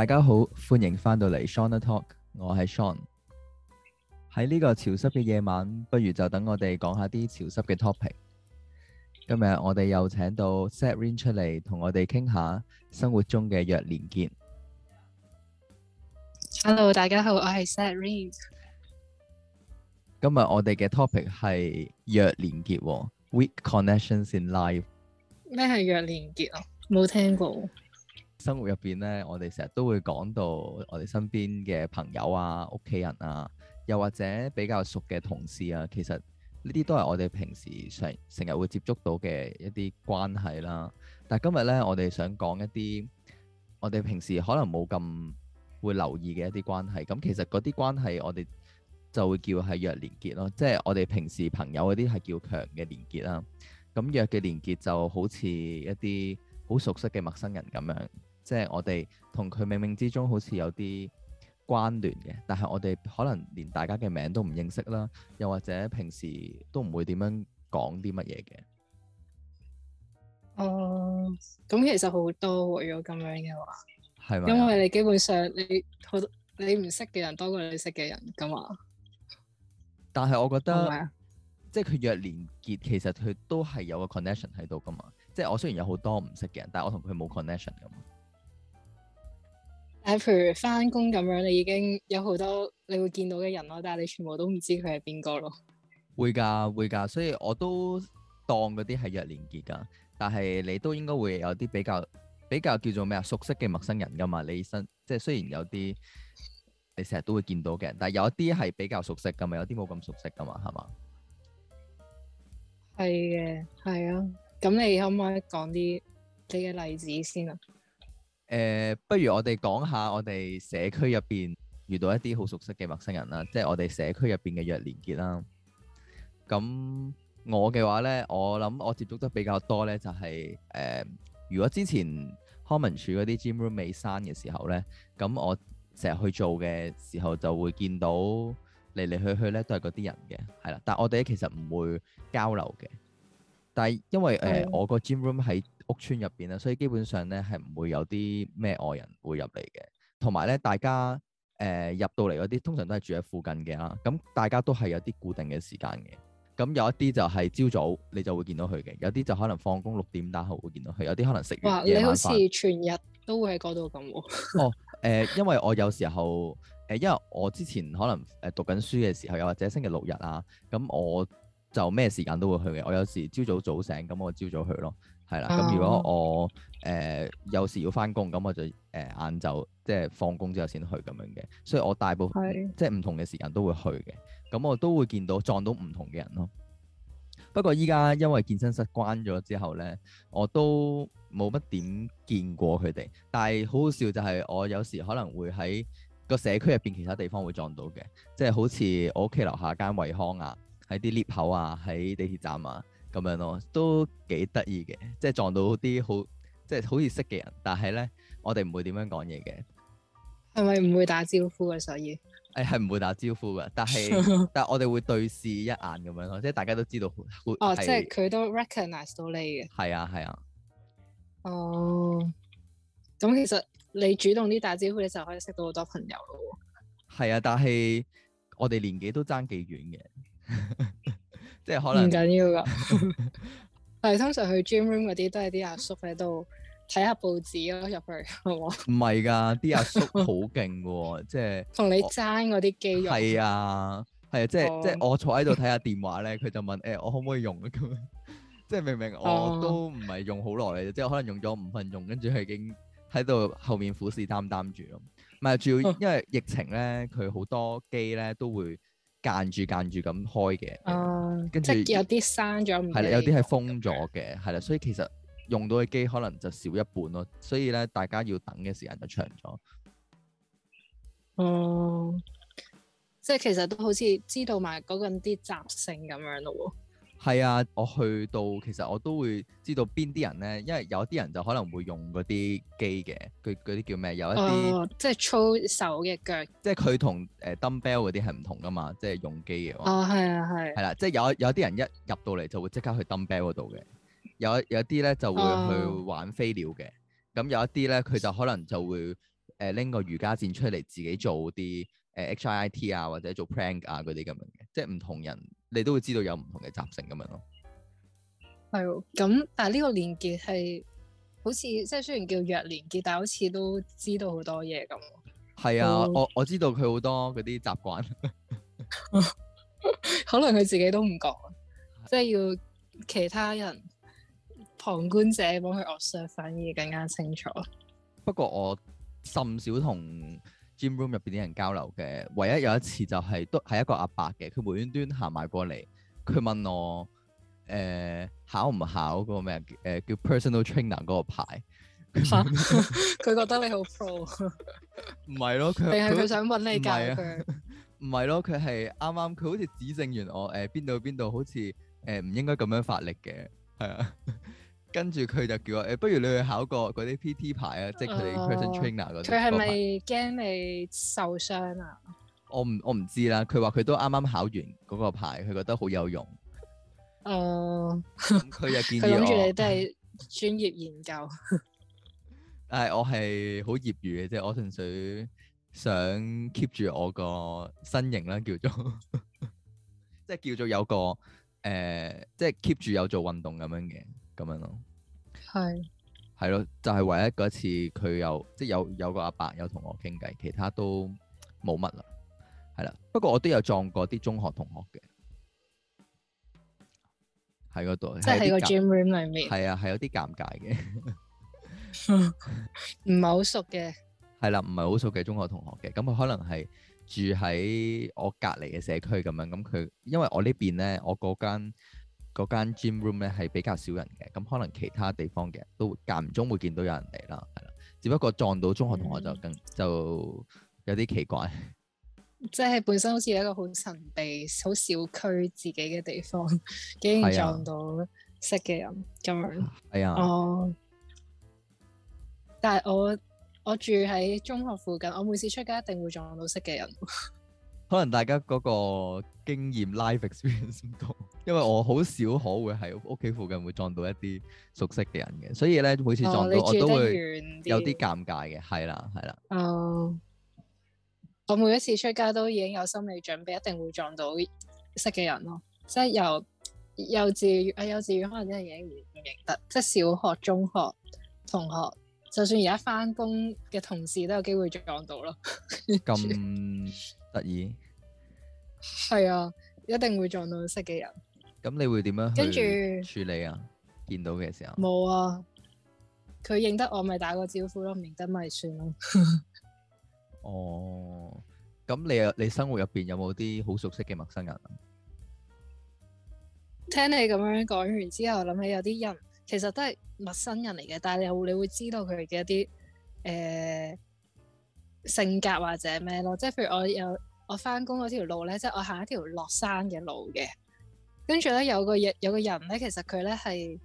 大家好，歡迎翻到嚟 Shawn 的 Talk，我係 Shawn。喺呢個潮濕嘅夜晚，不如就等我哋講下啲潮濕嘅 topic。今日我哋又請到 Zrene 出嚟，同我哋傾下生活中嘅弱連結。Hello，大家好，我係 Zrene。今日我哋嘅 topic 係弱連結喎，weak connections in life。咩係弱連結啊？冇聽過。生活入邊咧，我哋成日都會講到我哋身邊嘅朋友啊、屋企人啊，又或者比較熟嘅同事啊，其實呢啲都係我哋平時成成日會接觸到嘅一啲關係啦。但係今日咧，我哋想講一啲我哋平時可能冇咁會留意嘅一啲關係。咁其實嗰啲關係我哋就會叫係弱連結咯，即係我哋平時朋友嗰啲係叫強嘅連結啦。咁弱嘅連結就好似一啲好熟悉嘅陌生人咁樣。即係我哋同佢冥冥之中好似有啲關聯嘅，但係我哋可能連大家嘅名都唔認識啦，又或者平時都唔會點樣講啲乜嘢嘅。哦、嗯，咁其實好多、啊、如果咁樣嘅話，係嗎因為你基本上你好你唔識嘅人多過你識嘅人噶嘛。但係我覺得，嗎即係佢弱連結，其實佢都係有個 connection 喺度噶嘛。即係我雖然有好多唔識嘅人，但係我同佢冇 connection 噶嘛。誒，譬如翻工咁樣，你已經有好多你會見到嘅人咯，但係你全部都唔知佢係邊個咯。會噶，會噶，所以我都當嗰啲係弱連結噶。但係你都應該會有啲比較比較叫做咩啊，熟悉嘅陌生人噶嘛。你身即係雖然有啲你成日都會見到嘅人，但係有一啲係比較熟悉噶嘛，有啲冇咁熟悉噶嘛，係嘛？係嘅，係啊。咁你可唔可以講啲你嘅例子先啊？誒、呃，不如我哋講下我哋社區入邊遇到一啲好熟悉嘅陌生人啦，即係我哋社區入邊嘅弱連結啦。咁、嗯、我嘅話呢，我諗我接觸得比較多呢，就係、是、誒、呃，如果之前康文署嗰啲 gym room 未閂嘅時候呢，咁我成日去做嘅時候就會見到嚟嚟去去呢都係嗰啲人嘅，係啦。但係我哋其實唔會交流嘅，但係因為誒、呃嗯、我個 gym room 喺屋邨入邊啦，所以基本上咧係唔會有啲咩外人會入嚟嘅。同埋咧，大家誒、呃、入到嚟嗰啲通常都係住喺附近嘅啦。咁大家都係有啲固定嘅時間嘅。咁有一啲就係朝早你就會見到佢嘅，有啲就可能放工六點打後會見到佢，有啲可能食完晚飯。哇！你好似全日都會喺嗰度咁喎。 哦誒、呃，因為我有時候誒、呃，因為我之前可能誒讀緊書嘅時候，又或者星期六日啊，咁我就咩時間都會去嘅。我有時朝早早醒，咁我朝早去咯。係啦，咁、嗯、如果我誒、呃、有時要翻工，咁我就誒晏晝即係放工之後先去咁樣嘅，所以我大部分的即係唔同嘅時間都會去嘅，咁我都會見到撞到唔同嘅人咯。不過依家因為健身室關咗之後咧，我都冇乜點見過佢哋。但係好好笑就係我有時可能會喺個社區入邊其他地方會撞到嘅，即係好似我屋企樓下間惠康啊，喺啲 𨋢 口啊，喺、啊、地鐵站啊。咁樣咯，都幾得意嘅，即係撞到啲好，即係好似識嘅人。但係咧，我哋唔會點樣講嘢嘅。係咪唔會打招呼嘅？所以誒，係唔會打招呼嘅，但係 但係我哋會對視一眼咁樣咯，即係大家都知道。哦，是即係佢都 recognize 到你嘅。係啊，係啊。哦，咁其實你主動啲打招呼嘅時候，你就可以識到好多朋友咯。係啊，但係我哋年紀都爭幾遠嘅。 即係可能唔緊要噶，但係 通常去 gym room 嗰啲都係啲阿叔喺度睇下報紙咯、啊，入 去唔係噶，啲阿叔好勁嘅， 即係是同你爭嗰啲機。係啊，係啊，即係、oh. 即係我坐喺度睇下電話咧，佢就問誒、oh. 欸，我可唔可以用啊？咁 即係明明我、oh. 都唔係用好耐嘅，即係可能用咗五分鐘，跟住佢已經喺度後面虎視眈眈住咯。唔係，主要因、oh. 因為疫情咧，佢好多機咧都會。間住間住咁開嘅，啊、跟住著有啲閂咗，係啦，有啲係封咗嘅，係啦樣，所以其實用到嘅機可能就少一半咯，所以咧大家要等嘅時間就長咗。哦、啊，即係其實都好似知道埋嗰陣啲習性咁樣咯喎。係啊，我去到其實我都會知道邊啲人咧，因為有啲人就可能會用嗰啲機嘅，佢嗰啲叫咩？有一啲、哦、即係粗手嘅腳，即係佢、呃、同誒 dumbbell 嗰啲係唔同噶嘛，即係用機嘅。哦，係啊，係。係啦，即係有有啲人一入到嚟就會即刻去 dumbbell 嗰度嘅，有有啲咧就會去玩飛鳥嘅，咁、哦、有一啲咧佢就可能就會誒拎、呃、個瑜伽墊出嚟自己做啲誒、呃、HIIT 啊，或者做 plank 啊嗰啲咁樣嘅，即係唔同人。你都會知道有唔同嘅習性咁樣咯，係喎。咁但係呢個連結係好似即係雖然叫弱連結，但係好似都知道好多嘢咁。係啊，嗯、我我知道佢好多嗰啲習慣， 可能佢自己都唔講，的即係要其他人旁觀者幫佢惡削，反而更加清楚。不過我甚少同 Gym room 入邊啲人交流嘅，唯一有一次就係、是、都係一個阿伯嘅，佢無端端行埋過嚟，佢問我誒、呃、考唔考個咩誒、呃、叫 personal trainer 嗰個牌？佢覺得你好 pro，唔係咯？定係佢想揾你教佢、 啊？唔係咯，佢係啱啱佢好似指正完我誒邊度邊度，好似誒唔應該咁樣發力嘅，係啊。 跟住佢就叫我誒、欸，不如你去考個嗰啲 P.T. 牌啊，即係佢哋 personal trainer 嗰啲，uh。佢係咪驚你受傷啊？我唔我唔知啦。佢話佢都啱啱考完嗰個牌，佢覺得好有用。誒，佢又建議我。諗住 你都係專業研究 ， 但係我係好業餘嘅啫。我純粹想 keep 住我個身形啦，叫做即係叫做有個誒，即係 keep 住有做運動咁樣嘅。咁樣咯，係，係咯，就係唯一嗰次佢有，即係有有個阿伯有同我傾偈，其他都冇乜啦，係啦。不過我都有撞過啲中學同學嘅，喺嗰度，即係喺個 gym room 裏面，係啊，係有啲尷尬嘅，唔係好熟嘅，係啦，唔係好熟嘅中學同學嘅，咁佢可能係住喺我隔籬嘅社區咁樣，咁佢因為我呢邊咧，我嗰間。嗰間 gym room 咧係比較少人嘅，咁可能其他地方嘅都間唔中會見到有人嚟啦，係啦。只不過撞到中學同學就更、嗯、就有啲奇怪，即係本身好似一個好神秘、好小區自己嘅地方，竟然撞到識嘅人咁樣。係啊、哎呀，哦、oh！但係我我住喺中學附近，我每次出街一定會撞到識嘅人。可能大家嗰個經驗 life experience 唔同，因為我好少可會喺屋企附近會撞到一啲熟悉嘅人嘅，所以咧每次撞到、哦、我都會有啲尷尬嘅，係啦，係啦。哦，我每一次出街都已經有心理準備，一定會撞到識嘅人咯。即係由幼稚園，幼稚園可能真係已經唔唔認得，即係小學、中學同學，就算而家翻工嘅同事都有機會撞到咯。咁樣～ 得意，係啊，一定會撞到識嘅人。咁、嗯、你會點樣跟住處理啊？著見到嘅時候，冇啊。佢認得我咪打個招呼咯，唔認得咪算咯。 哦，咁你又你生活入邊有冇啲好熟悉嘅陌生人？啊？聽你咁樣講完之後，諗起有啲人其實都係陌生人嚟嘅，但係你你會知道佢嘅一啲誒。呃性格或者咩咯，即係譬如我有我翻工嗰條路咧，即係我行一條落山嘅路嘅，跟住咧有個嘢，有個人咧，其實佢咧係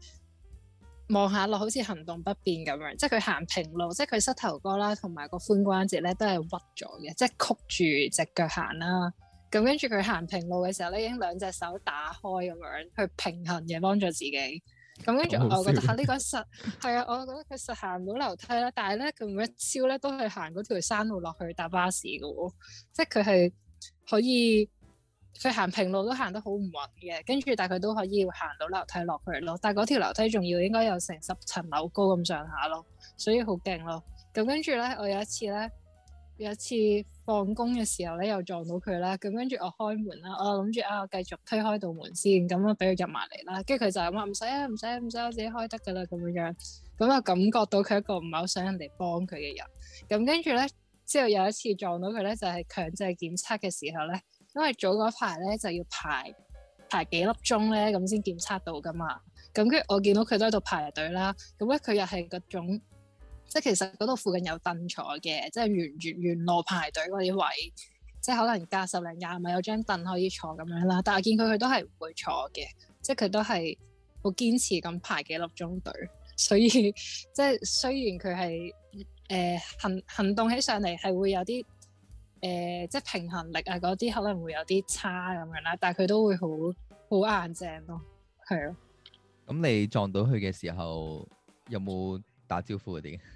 望下落好似行動不便咁樣，即係佢行平路，即係佢膝頭哥啦，同埋個髖關節咧都係屈咗嘅，即係曲住隻腳行啦，咁跟住佢行平路嘅時候咧，已經兩隻手打開咁樣去平衡嘅，幫助自己。咁跟住我覺得喺呢個實係 啊，我覺得佢實行唔到樓梯啦，但係咧佢每一朝咧都係行嗰條山路落去搭巴士嘅喎，即係佢係可以佢行平路都行得好唔穩嘅，跟住但係佢都可以行到樓梯落去咯，但係嗰條樓梯仲要應該有成十層樓高咁上下咯，所以好勁咯。咁跟住咧，我有一次咧，有一次。放工嘅時候咧，又撞到佢啦，咁跟住我開門啦，我諗住啊，我繼續推開道門先，咁樣俾佢入埋嚟啦，跟住佢就話唔使啊，唔使啊，唔使，我自己開得噶啦，咁樣樣，咁啊感覺到佢一個唔係好想人哋幫佢嘅人，咁跟住咧，之後有一次撞到佢咧，就係強制檢測嘅時候咧，因為早嗰排咧就要排排幾粒鐘咧，咁先檢測到噶嘛，咁跟住我見到佢都喺度排隊啦，咁咧佢又係嗰種。即係其實嗰度附近有凳坐嘅，即係沿沿沿路排隊嗰啲位，即係可能隔十零廿米有張凳可以坐咁樣啦。但係見佢佢都係唔會坐嘅，即係佢都係好堅持咁排幾粒鐘隊。所以即係雖然佢係誒行行動起上嚟係會有啲誒、呃、即係平衡力啊嗰啲可能會有啲差咁樣啦，但係佢都會好好硬淨咯。係啊。咁你撞到佢嘅時候有冇打招呼嗰啲？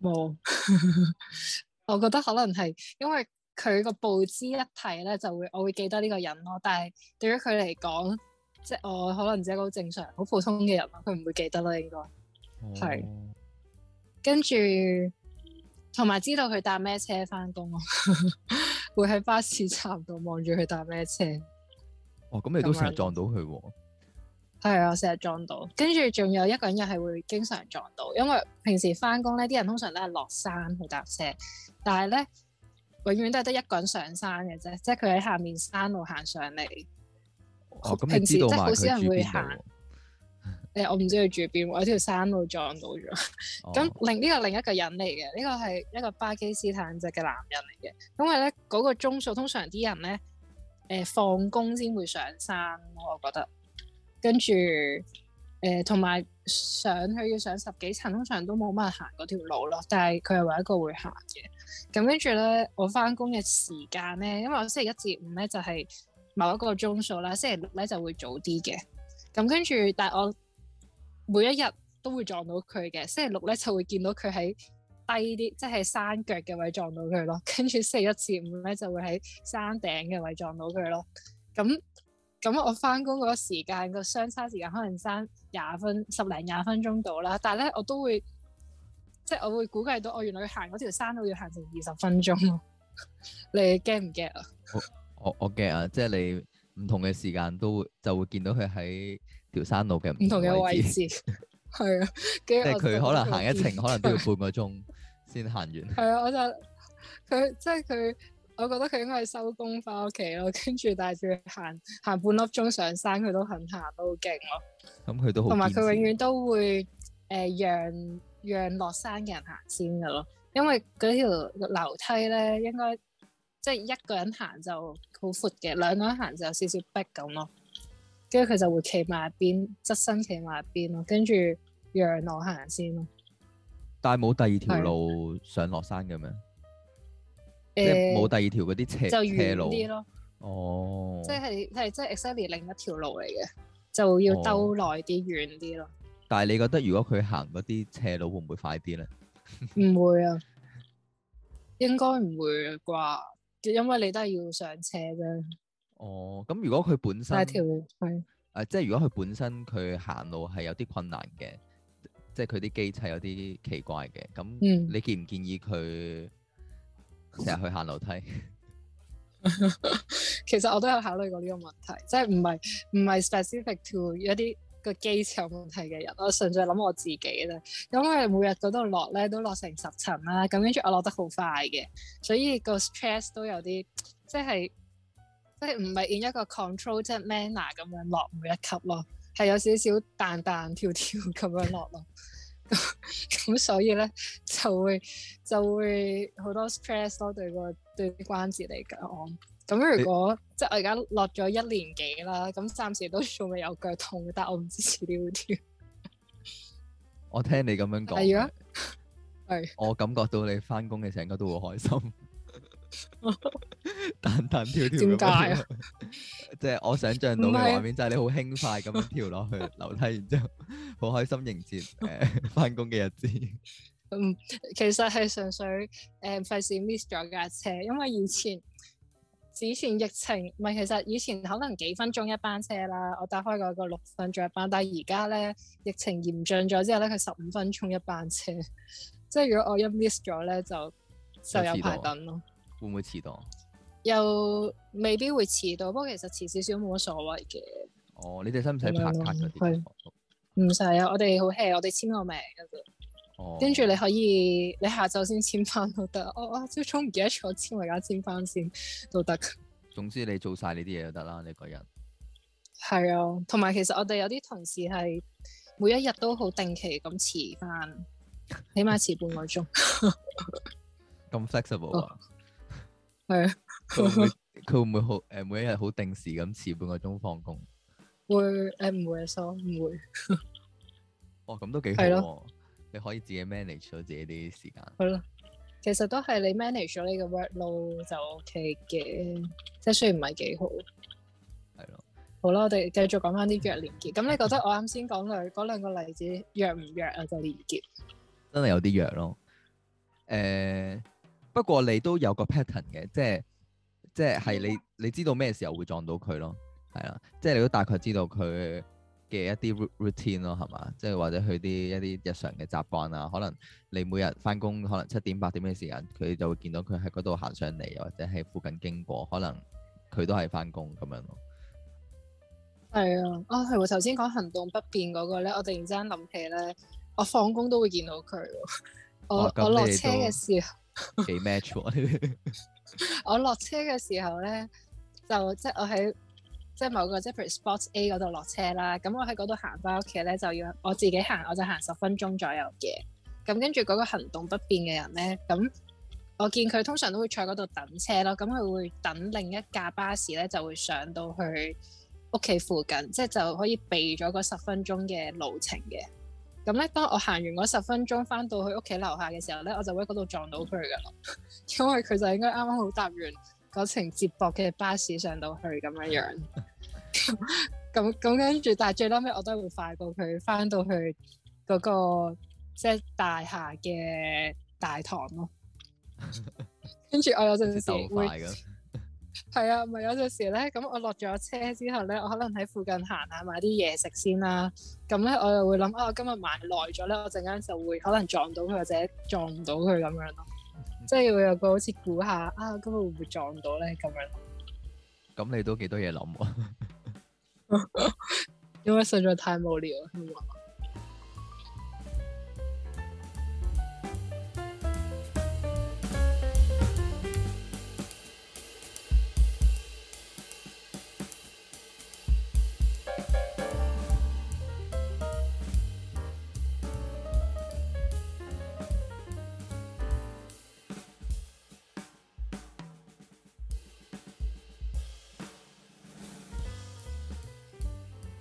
冇，哦、 我覺得可能係因為佢個步姿一睇咧就會，我會記得呢個人咯。但係對於佢嚟講，即係我可能只係一個好正常、好普通嘅人，佢唔會記得咯，應該係、哦。跟住，同埋知道佢搭咩車返工， 會喺巴士站度望住佢搭咩車。哦，咁你都成日撞到佢喎。係啊，成日撞到，跟住仲有一個人又係會經常撞到，因為平時翻工咧，啲人通常都係落山去搭車，但係咧永遠都係得一個人上山嘅啫，即係佢喺下面山路行上嚟。哦，咁、嗯、平時即係好少人會行。誒、欸，我唔知佢住邊，我喺條山路撞到咗。咁另呢個另一個人嚟嘅，呢、這個係一個巴基斯坦籍嘅男人嚟嘅，因為咧嗰、那個鐘數通常啲人咧誒、呃、放工先會上山咯，我覺得。跟住，誒同埋上去要上十幾層，通常都冇乜人行嗰條路咯。但係佢係唯一一個會行嘅。咁跟住咧，我返工嘅時間咧，因為我星期一至五咧就係某一個鐘數啦，星期六咧就會早啲嘅。咁跟住，但係我每一日都會撞到佢嘅。星期六咧就會見到佢喺低啲，即係山腳嘅位撞到佢咯。跟住星期一至五咧就會喺山頂嘅位撞到佢咯。咁。咁我翻工嗰個時間、個相差時間可能差廿分十零廿分鐘到啦，但係咧我都會，即係我會估計到我原來行嗰條山路要行成二十分鐘， 你驚唔驚啊？我我我驚啊！即係你唔同嘅時間都會就會見到佢喺條山路嘅唔同嘅位置，係 啊，即佢 可能行一程 可能都要半個鐘先行完。係 啊，我就佢即係佢。我覺得佢應該係收工翻屋企咯，跟住帶住行行半粒鐘上山，佢都肯行，都好勁咯。咁佢、嗯、都同埋佢永遠都會誒、呃、讓讓落山嘅人行先噶咯，因為嗰條樓梯咧應該即係一個人行就好闊嘅，兩個人行就有少少逼咁咯。跟住佢就會企埋一邊，側身企埋一邊咯，跟住讓我行先咯。但係冇第二條路上落山嘅咩？即係冇第二條嗰啲斜斜路啲咯。哦，即係係即係 exactly 另一條路嚟嘅，就要兜耐啲，遠啲、哦、咯。但係你覺得如果佢行嗰啲斜路會唔會快啲咧？唔 會啊，應該唔會啩，因為你都係要上斜啫。哦，咁如果佢本身，係啊、呃，即係如果佢本身佢行路係有啲困難嘅，即係佢啲機制有啲奇怪嘅，咁你建唔建議佢？嗯成日去行樓梯， 其實我都有考慮過呢個問題，即係唔係唔係 specific to 一啲個機場問題嘅人，我純粹諗我自己啦。咁我係每日嗰度落咧，都落成十層啦。咁跟住我落得好快嘅，所以個 stress 都有啲，即係即係唔係 in 一個 control 即係 manner 咁樣落每一級咯，係有少少彈彈跳跳咁樣落咯。 咁 所以咧就會就會好多 stress 咯，對個對關節嚟講。咁如果你 即係我而家落咗一年幾啦，咁暫時都仲未有腳痛，但係我唔知遲啲會點。 我聽你咁樣講，係對吧 是我感覺到你翻工嘅成日都好開心。 彈彈 跳跳點解啊？即係 我想象到嘅畫是面，就係你好輕快咁樣跳落去樓 梯，然之後好開心迎接誒翻工嘅日子。嗯，其實係純粹誒費事 miss 咗架車，因為以前之前疫情唔係，其實以前可能幾分鐘一班車啦。我搭開嗰個六分鐘一班，但係而家咧疫情嚴峻咗之後咧，佢十五分鐘一班車，即係如果我一 miss 咗咧，就就有排等咯。 會唔會遲到？又未必會遲到，不過其實遲少少冇乜所謂嘅。哦，你哋使唔使拍卡嗰啲？係是，唔使啊！我哋好 hea，我哋簽個名噶啫。哦。跟住你可以，你下晝先簽翻都得。我我朝早唔記得咗簽，我而家簽翻先都得。總之你做晒呢啲嘢就得啦，你個人。係啊，同埋其實我哋有啲同事係每一日都好定期咁遲翻，起碼遲半個鐘。咁 flexible 啊？Oh. 係啊，佢 會佢會唔 會，會好誒？每一日好定時咁遲半個鐘放工？會誒，唔會啊，所唔會。欸、會會 哦，咁都幾好，了你可以自己 manage 到自己啲時間。好咯，其實都係你 manage 咗呢個 workload 就 OK 嘅，即係雖然唔係幾好。係咯了。好啦，我哋繼續講翻啲弱連結。咁 你覺得我啱先講嘅嗰兩個例子弱唔弱啊？就、這個、連結。真係有啲弱咯，誒、欸。不過你都有個 pattern 嘅，即係即係係你你知道咩時候會撞到佢咯，係啦，即係你都大概知道佢嘅一啲 routine 咯，係嘛？即係或者佢啲一啲日常嘅習慣啊，可能你每日翻工可能七點八點嘅時間，佢就會見到佢喺嗰度行上嚟，或者喺附近經過，可能佢都係翻工咁樣咯。係啊，啊係喎，頭先講行動不便嗰個咧，我突然之間諗起咧，我放工都會見到佢，我我落車嘅時候。哦幾 match 我落車嘅時候咧，就即係、就是、我喺即係某個譬如 sports A 嗰度落車啦。咁我喺嗰度行翻屋企咧，就要我自己行，我就行十分鐘左右嘅。咁跟住嗰個行動不便嘅人咧，咁我見佢通常都會坐嗰度等車咯。咁佢會等另一架巴士咧，就會上到去屋企附近，即、就、係、是、就可以避咗嗰十分鐘嘅路程嘅。咁咧，當我行完嗰十分鐘，翻到去屋企樓下嘅時候咧，我就喺嗰度撞到佢噶啦，因為佢就應該啱啱好搭完嗰程接駁嘅巴士上到去咁樣樣，咁咁跟住，但係最多尾我都係會快過佢翻到去嗰、那個即係、就是、大廈嘅大堂咯，跟住 我有陣時會。 係啊，咪有陣時咧，咁我落咗車之後咧，我可能喺附近行下、啊，買啲嘢食先啦、啊。咁咧，我又會諗，啊，我今日買耐咗咧，我陣間就會可能撞到佢或者撞唔到佢咁樣咯。嗯、即係會有個好似估下，啊，今日會唔會撞到咧咁樣？咁你都幾多嘢諗啊？ 因為實在太無聊。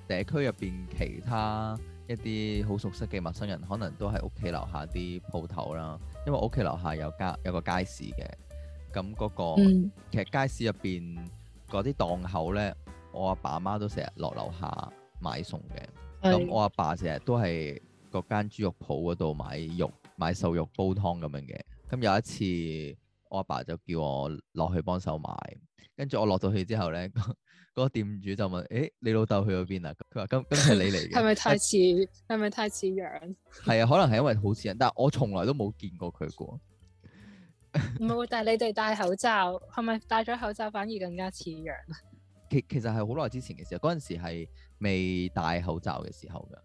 社區入邊其他一啲好熟悉嘅陌生人，可能都係屋企樓下啲鋪頭啦。因為屋企樓下有街有個街市嘅，咁嗰、嗰個、嗯、其實街市入邊嗰啲檔口呢，我阿爸，爸媽，媽都成日落樓下買餸嘅。咁是我阿爸成日都係嗰間豬肉鋪嗰度買肉，買瘦肉煲湯咁樣嘅。咁有一次我阿爸，爸就叫我落去幫手買，跟住我落到去之後呢。 個店主就問：，誒、欸，你老豆去咗邊啊？佢話：，今今係你嚟嘅。係咪 太似？係咪、欸、太似樣？係啊，可能係因為好似人，但係我從來都冇見過佢過。唔係喎，但係你哋戴口罩係咪戴咗口罩反而更加似樣啊？其其實係好耐之前嘅事，嗰陣時係未戴口罩嘅時候㗎。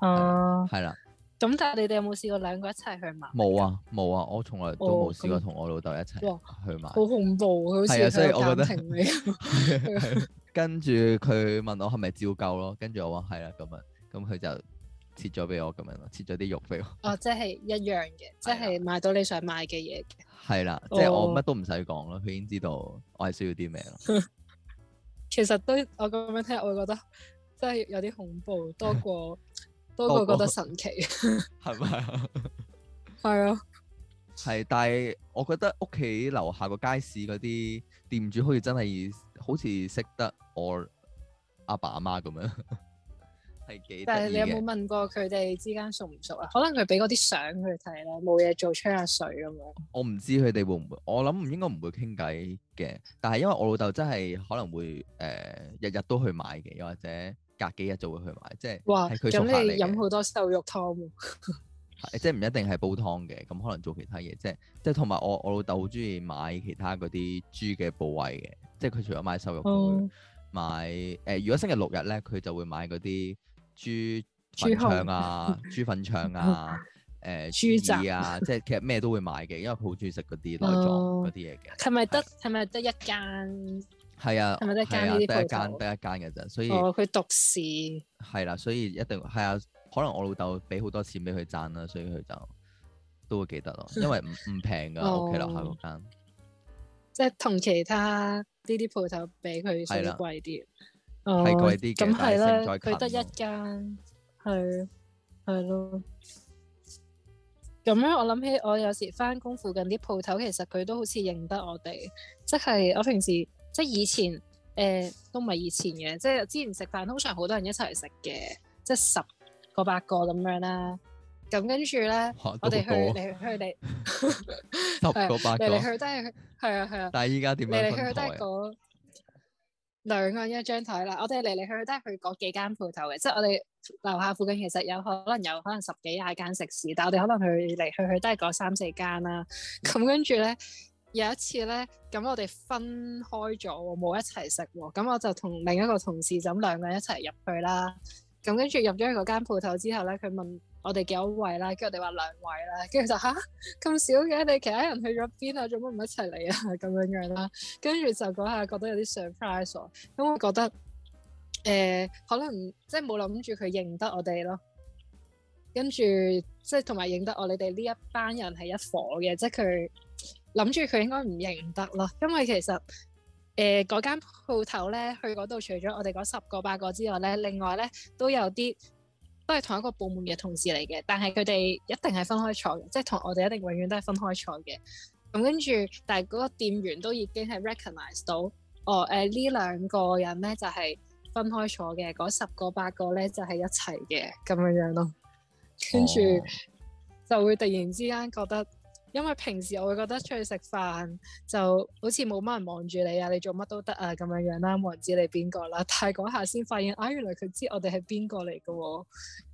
哦、uh, uh, 啊，係啦。咁但係你哋有冇試過兩個一齊去買？冇啊，冇啊，我從來都冇試過同我老豆一齊去買、哦。好恐怖，好似係感情嚟。跟住佢問我係咪照夠照舊咯，跟住我話係啦咁樣，咁佢就切咗俾我咁樣咯，切咗啲肉俾我。哦，即係一樣嘅，即係買到你想買嘅嘢嘅。係啦，即係我乜都唔使講咯，佢已經知道我係需要啲咩咯。其實都我咁樣聽我會覺得真係有啲恐怖多過多過覺得神奇。係咪啊？係啊。係，但係我覺得屋企樓下個街市嗰啲店主好似真係。好似識得我阿爸阿媽咁樣，係 幾？但係你有冇問過佢哋之間熟唔熟啊？ 可能佢俾嗰啲相佢睇咯，冇嘢做吹下水咁樣。我唔知佢哋會唔會，我諗唔應該唔會傾偈嘅。但係因為我老豆真係可能會誒日日都去買嘅，又或者隔幾日就會去買，即係哇！咁你飲好多瘦肉湯。 即係唔一定係煲湯嘅，咁可能做其他嘢，即係即係同埋我我老豆好中意買其他嗰啲豬嘅部位嘅，即係佢除咗買瘦肉，買誒，如果星期六日咧，佢就會買嗰啲豬豬腸啊、豬粉腸啊、誒豬仔啊，即係其實咩都會買嘅，因為佢好中意食嗰啲內臟嗰啲嘢嘅。係咪得？係咪得一間？係啊，係咪得一間？得一間得一間嘅啫，所以哦，佢獨市係啦，所以一定係啊。可能我老豆俾好多錢俾佢賺啦，所以佢就都會記得咯。因為唔唔平噶，屋企樓下嗰間，即係同其他呢啲鋪頭比，佢先貴啲，係貴啲。咁係啦，佢得一間，係係咯。咁咧，樣我諗起我有時翻工附近啲鋪頭，其實佢都好似認得我哋，即係我平時即係以前誒都唔係以前嘅，即係之前食飯通常好多人一齊食嘅，即係十。個八個咁樣啦，咁跟住咧，啊、我哋去嚟去嚟，去 十個八個嚟嚟 去都係係啊係啊。但係依家點樣？嚟嚟去去都係嗰兩個人一張台啦。我哋嚟嚟去去都係去嗰幾間鋪頭嘅，即係我哋樓下附近其實有可能有可能有十幾廿間食肆，但係我哋可能去嚟去去都係嗰三四間啦。咁跟住咧，有一次咧，咁我哋分開咗，冇一齊食喎。咁我就同另一個同事就咁兩個人一齊入去啦。咁跟住入咗去嗰間鋪頭之後咧，佢問我哋幾多位啦，跟住我哋話兩位啦，跟住就吓，咁少嘅，你其他人去咗邊啊？做乜唔一齊嚟啊？咁樣樣啦，跟住就嗰下覺得有啲 surprise 喎，咁我覺得誒、呃、可能即係冇諗住佢認得我哋咯，跟住即係同埋認得我哋呢一班人係一伙嘅，即係佢諗住佢應該唔認得咯，因為其實。誒嗰間鋪頭咧，去嗰度除咗我哋嗰十個八個之外咧，另外咧都有啲都係同一個部門嘅同事嚟嘅，但係佢哋一定係分開坐嘅，即係同我哋一定永遠都係分開坐嘅。咁跟住，但係嗰個店員都已經係 recognize 到，哦誒呢、呃、兩個人咧就係、是、分開坐嘅，嗰十個八個咧就係、是、一齊嘅咁樣樣咯。跟住就會突然之間覺得。因為平時我會覺得出去食飯就好似冇乜人望住你啊，你做乜都得啊咁樣樣、啊、啦，冇人知你邊個啦。但係嗰下先發現，哎、啊、原來佢知我哋係邊個嚟嘅喎，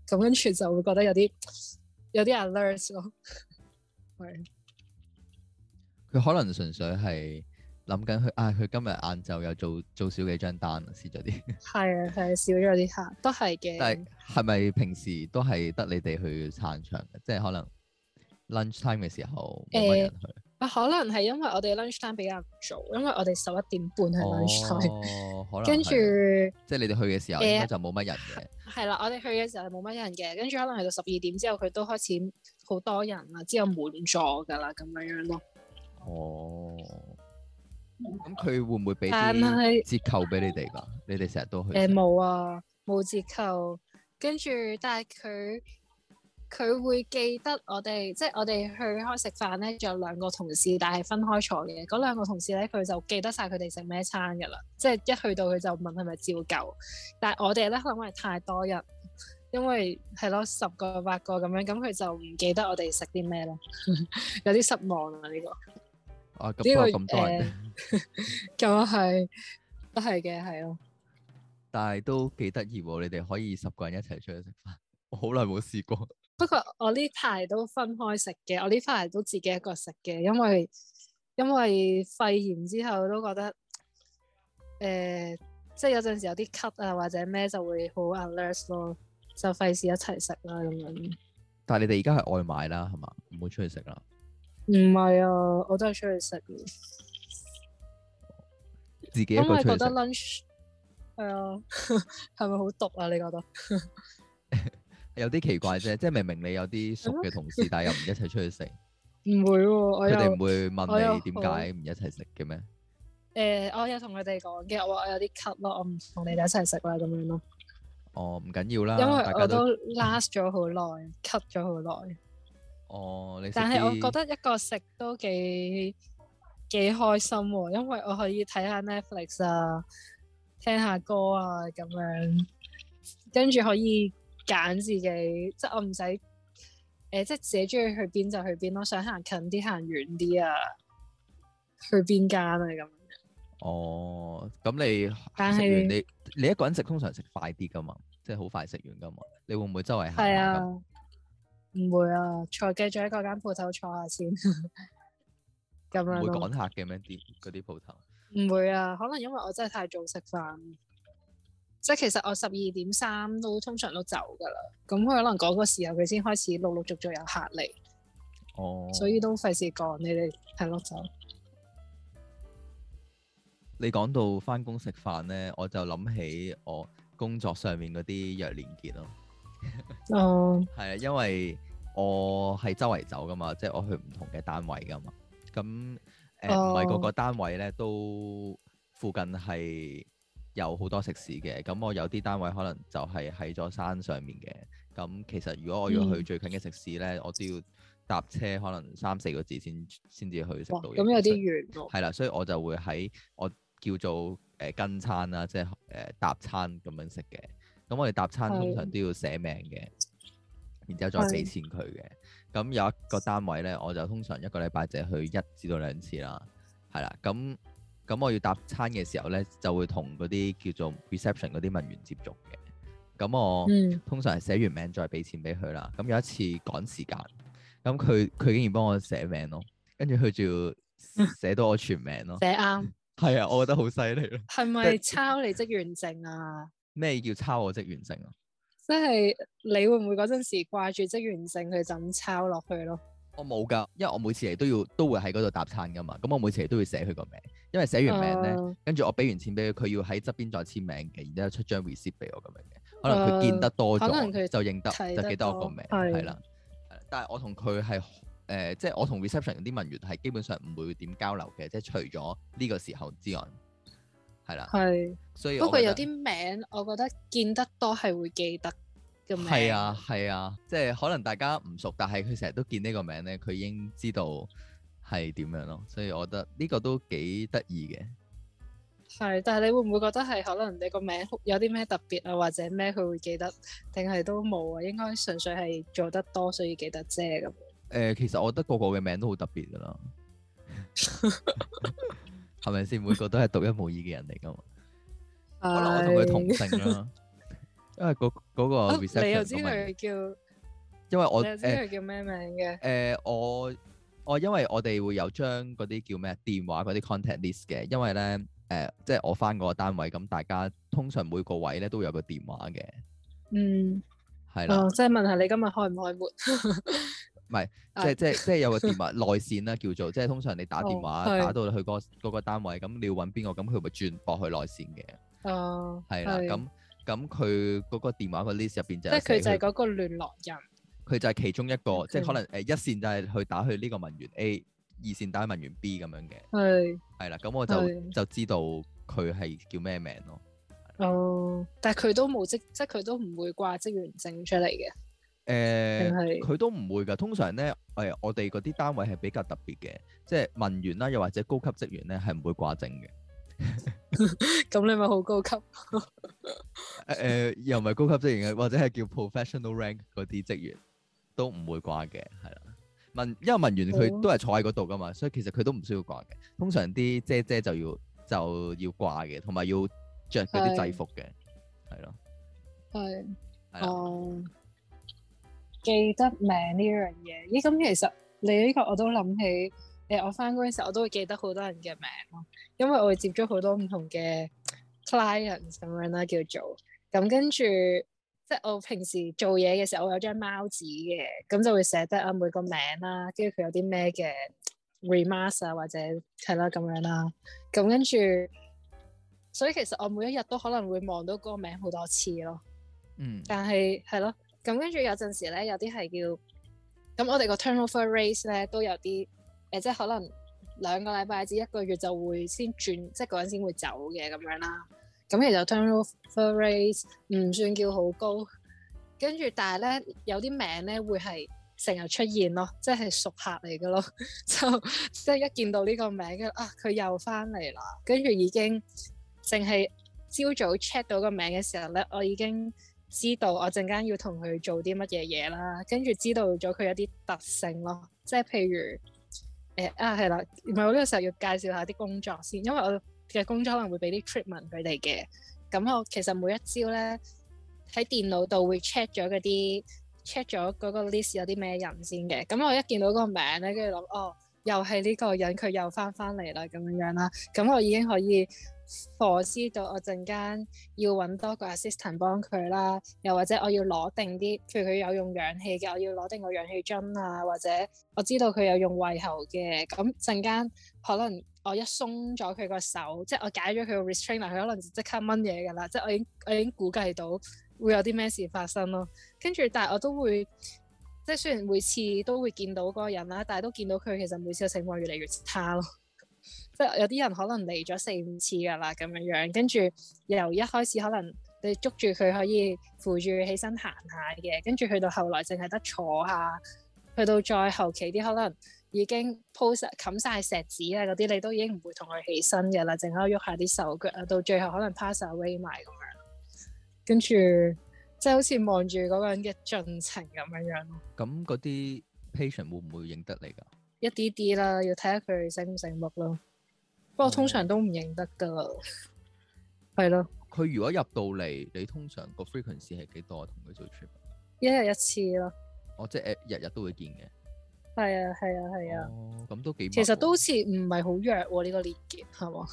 咁跟住就會覺得有啲有啲 alert 咯。係。佢可能純粹係諗緊佢，啊佢今日晏晝又做做少幾張單試咗啲， 少咗啲。係啊係少咗啲客，都係嘅。但係係咪平時都係得你哋去撐場嘅？即係可能。lunch time 嘅時候冇乜人去、欸、可能係因為我哋 lunch time 比較早，因為我哋十一點半去 lunch time，哦，跟住著即係你哋去嘅時候應該就冇乜人嘅。係啦、欸，我哋去嘅時候冇乜人嘅，跟住可能去到十二點之後佢都開始好多人啦，之後滿座噶啦咁樣樣咯。哦，咁佢會唔會俾折扣俾你哋㗎？是你哋成日都去？誒冇、欸、啊，冇折扣。跟住但係佢。佢會記得我哋，即係我哋去開食飯咧，仲有兩個同事，但係分開坐嘅嗰兩個同事咧，佢就記得晒佢哋食咩餐嘅啦。即係一去到佢就問係咪照舊，但係我哋咧可能因為太多人，因為係咯十個八個咁樣，咁、嗯、佢就唔記得我哋食啲咩咯， 有啲失望啊呢、呢個。啊，呢個咁多人，咁啊係都係嘅，係、呃、咯。 但係都幾得意喎！你哋可以十個人一齊出去食飯， 我好耐冇試過。不過我呢排都分開食嘅，我呢排都自己一個食嘅，因為因為肺炎之後都覺得，誒、呃，即係有陣時有啲咳啊或者咩就會好 unlucky 咯，就費事一齊食啦咁樣。但係你哋而家係外賣啦，係嘛？唔會出去食啦。唔係啊，我都係出去食。自己一個出去食。因為覺得 lunch 係啊，係咪好毒啊？你覺得？ 有啲奇怪啫，即係明明你有啲熟嘅同事，但係又唔一齊出去食。唔會喎，佢哋唔會問你點解唔一齊食嘅咩？誒，我有同佢哋講嘅，我話我有啲咳咯，我唔同你哋一齊食啦，咁樣咯。哦，唔緊要啦，因為我都 last 咗好耐，咳咗好耐。哦，但係我覺得一個食都幾幾開心喎，因為我可以睇下 Netflix 啊，聽下歌啊，咁樣，跟住可以。揀自己，即我唔使誒，即自己中意去邊就去邊咯，想行近啲行遠啲啊，去邊間係、啊、咁。哦，咁你食完，是你，但係你你一個人食通常食快啲噶嘛，即係好快食完噶嘛，你會唔會周圍行啊？唔樣會啊，再繼續喺嗰間鋪頭坐下先，咁 樣咯。唔會趕客嘅咩啲嗰啲鋪頭？唔會啊，可能因為我真係太早食飯。即係其實我十二點三都通常都走㗎啦，咁佢可能嗰個時候佢先開始陸,陸陸續續有客嚟，哦，oh. 所以都費事講你哋係咯走。你講到返工食飯咧，我就諗起我工作上面嗰啲弱連結咯。哦。係啊，因為我喺周圍走㗎嘛，即係我去唔同嘅單位㗎嘛。咁誒唔係個個單位咧都附近係。有好多食肆嘅，咁我有啲單位可能就係喺咗山上面嘅，咁其實如果我要去最近嘅食肆呢，嗯、我都要搭車可能三四個字先先至去食到嘢，咁有啲遠，係啦，所以我就會喺我叫做誒、呃、跟餐啦，即係誒搭餐咁樣食嘅。咁我哋搭餐通常都要寫名嘅，是然之後再俾錢佢嘅。咁是有一個單位呢，我就通常一個禮拜淨係去一至到兩次啦，係啦，咁。咁我要搭餐嘅時候咧，就會同嗰啲叫做 reception 嗰啲文員接觸嘅。咁我、嗯、通常係寫完名再俾錢俾佢啦。咁有一次趕時間，咁佢佢竟然幫我寫名咯，跟住佢仲要寫到我全名咯， 寫啱對。係啊，我覺得好犀利咯。係咪抄你職員證啊？咩 叫抄我職員證啊？即係你會唔會嗰陣時掛住職員證，佢就咁抄落去咯？我冇噶，因為我每次嚟都要都會喺嗰度搭餐噶嘛，咁我每次嚟都要寫佢個名，因為寫完名咧，呃、跟住我俾完錢俾佢，佢要喺側邊再簽名嘅，然之後出張 receipt 俾我咁樣嘅，可能佢見得多咗，呃、可能佢見得多就認得，見得多就記得我個名，係是啦，但係我同佢係誒，即係我同 reception 嗰啲文員係基本上唔會點交流嘅，即係除咗呢個時候之外，係啦。係是。所以不過有啲名，我覺得見得多係會記得。係啊，係啊，即係可能大家唔熟，但係佢成日都見呢個名咧，佢已經知道係點樣咯，所以我覺得呢個都幾得意嘅。係，但係你會唔會覺得係可能你個名有啲咩特別啊，或者咩佢會記得，定係都冇啊？應該純粹係做得多所以記得啫咁。誒、呃，其實我覺得個個嘅名都好特別噶啦，係咪先？每個都係獨一無二嘅人嚟噶嘛。嗱是，我同佢同姓啦。 因為嗰你又知佢叫，因為我佢叫咩名嘅？誒我我因為我哋會有將嗰啲叫咩電話嗰啲 contact list 嘅，因為咧誒即係我返嗰個單位，咁大家通常每個位咧都有個電話嘅。嗯，係啦。哦，即係問下你今日開唔開門？唔係，即即即有個電話內線啦，叫做即係通常你打電話打到去嗰嗰個單位，咁你要揾邊個，咁佢會轉駁去內線嘅。哦，係啦，咁。咁佢嗰個電話個 list 入邊就即係佢就係嗰個聯絡人，佢就係其中一個，的即係可能誒一線就係去打去呢個文員 A，二線打去文員 B 咁樣嘅，係係啦，咁我就的就知道佢係叫咩名咯。哦，但係佢都冇職，即係佢都唔會掛職員證出嚟嘅。誒、呃，佢是都唔會㗎。通常咧，誒、哎，我哋嗰啲單位係比較特別嘅，即、就、係、是、文員啦，又或者高級職員咧係唔會掛證嘅。咁 你咪好高級？誒、 呃呃，又唔係高級職員，或者係叫 professional rank 嗰啲職員都唔會掛嘅，係啦。問，因為文員佢都係坐喺嗰度噶嘛，好所以其實佢都唔需要掛嘅。通常啲姐姐就要就要掛嘅，同埋要着佢啲制服嘅，係咯。係。係啦。記得名呢樣嘢，咦？咁其實你呢個我都諗起。誒，我翻工嘅時候我都會記得好多人嘅名咯，因為我會接觸好多唔同嘅 clients 咁樣啦，叫做咁跟住，即係我平時做嘢嘅時候，我有張貓紙嘅，咁就會寫得啊每個名啦，跟住佢有啲咩嘅 remarks 啊，或者係啦咁樣啦，咁跟住，所以其實我每一日都可能會望到嗰個名好多次咯。嗯，但係係咯，咁跟住有陣時咧，有啲係叫咁我哋個 turnover rate 咧都有啲。誒，即係可能兩個禮拜至一個月就會先轉，即係個人先會走嘅咁樣啦。咁其實 turnover rate 唔算叫好高，跟住但係咧有啲名咧會係成日出現咯，即係熟客嚟嘅咯，就即係一見到呢個名，嘅，啊佢又翻嚟啦，跟住已經淨係朝早 check 到個名嘅時候咧，我已經知道我陣間要同佢做啲乜嘢嘢啦，跟住知道咗佢有啲特性咯，即係譬如。誒啊，係啦，唔係我呢個時候要介紹下啲工作先，因為我嘅工作可能會俾啲 treatment 佢哋嘅。咁我其實每一朝咧喺電腦度會 check 咗嗰啲 check 咗嗰個 list 有啲咩人先嘅。咁我一見到個名咧，跟住諗，哦，又係呢個人，佢又翻翻嚟啦，咁樣樣啦。咁我已經可以。我知道我陣間要搵多個 assistant 幫佢啦，又或者我要攞定啲，譬如佢有用氧氣嘅，我要攞定個氧氣樽啊，或者我知道佢有用胃喉嘅，咁陣間可能我一鬆咗佢個手，即係我解咗佢個 restraint，佢可能就即刻掹嘢噶啦，即係我已經我已經估計到會有啲咩事發生咯。跟住但係我都會，即係雖然每次都會見到嗰個人啦，但係都見到佢其實每次嘅情況越嚟越差咯。有啲人可能嚟咗四五次㗎啦，咁樣樣，跟住由一開始可能你捉住佢可以扶住起身行下嘅，跟住去到後來淨係得坐下，去到再後期啲可能已經鋪晒、冚晒石子啊嗰啲，你都已經唔會同佢起身嘅啦，淨係喐下啲手腳啊，到最後可能 pass away 埋、like，咁樣，跟住即係好似望住嗰個人嘅進程咁樣樣咯。咁嗰啲 patient 會唔會認得你㗎？一啲啲啦，要睇下佢醒唔醒目咯。不我通常都唔認得噶，係咯，哦。佢 的如果入到嚟，你通常個 frequency 係幾多？同佢做 trip 一日一次咯。哦，即係誒，日日都會見嘅。係啊，係啊，係啊。咁、哦、都幾。其實都好似唔係好弱喎，呢、呢個連結係嘛？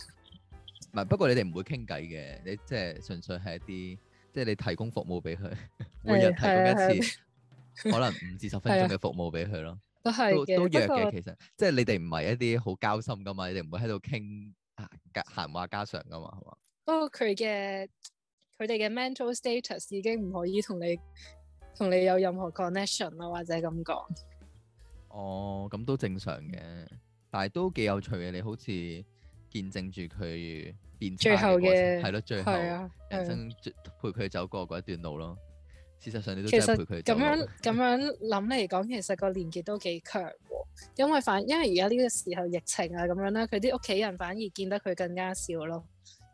唔係不，不過你哋唔會傾偈嘅，你即係純粹係一啲，即係你提供服務俾佢，每日提供一次，可能五至十分鐘嘅服務俾佢咯。都係嘅，都弱嘅，但其實，即係你哋唔係一啲好交心㗎嘛，你哋唔會喺度傾啊閒話家常㗎嘛，係嘛？不過佢嘅佢哋嘅 mental status 已經唔可以同你同你有任何 connection 啦，或者咁講。哦，咁都正常嘅，但係都幾有趣嘅。你好似見證住佢變，最後嘅係咯，最後啊人生陪佢走過嗰一段路咯。事實上，你都真係陪佢。咁 樣咁樣諗嚟講，其實個連結都幾強喎。因為反因為而家呢個時候疫情啊咁樣啦，佢啲屋企人反而見得佢更加少咯。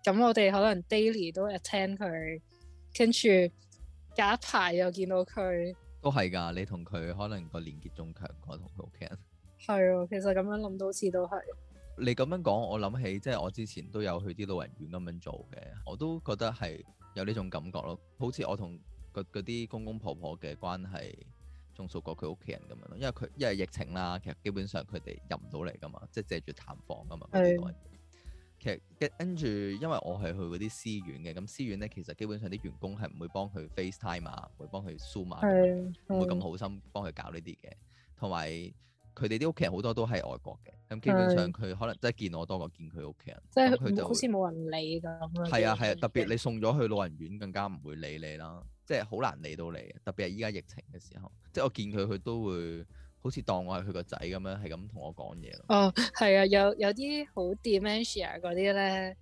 咁、嗯、我哋可能 daily 都 attend 佢，跟住隔一排又見到佢。都係㗎，你同佢可能個連結仲強過同佢屋企人。係啊、okay? 其實咁樣諗多似都係。你咁樣講，我諗起即係、就是、我之前都有去啲老人院咁樣做嘅，我都覺得係有呢種感覺咯。好似我同嗰啲公公婆婆嘅關係仲熟過佢屋企人咁樣咯，因為佢，因為疫情啦，其實基本上佢哋入唔到嚟噶嘛，即係借住探訪㗎嘛。的其實跟住，因為我係去嗰啲私院嘅，咁私院咧其實基本上啲員工係唔會幫佢 FaceTime 啊，唔會幫佢 Zoom 啊，唔的會咁好心幫佢搞呢啲嘅。同埋佢哋啲屋企人好多都係外國嘅，咁基本上佢可能的即係見我多過見佢屋企人，即係的佢就好似冇人理㗎。係啊係啊，特別你送咗去老人院，更加唔會理你啦。即係好難理到你，特別係依家疫情嘅時候。即係我見佢，佢都會好似當我係佢個仔咁樣，係咁同我講嘢咯。哦，係啊，有有啲好 dementia 嗰啲咧，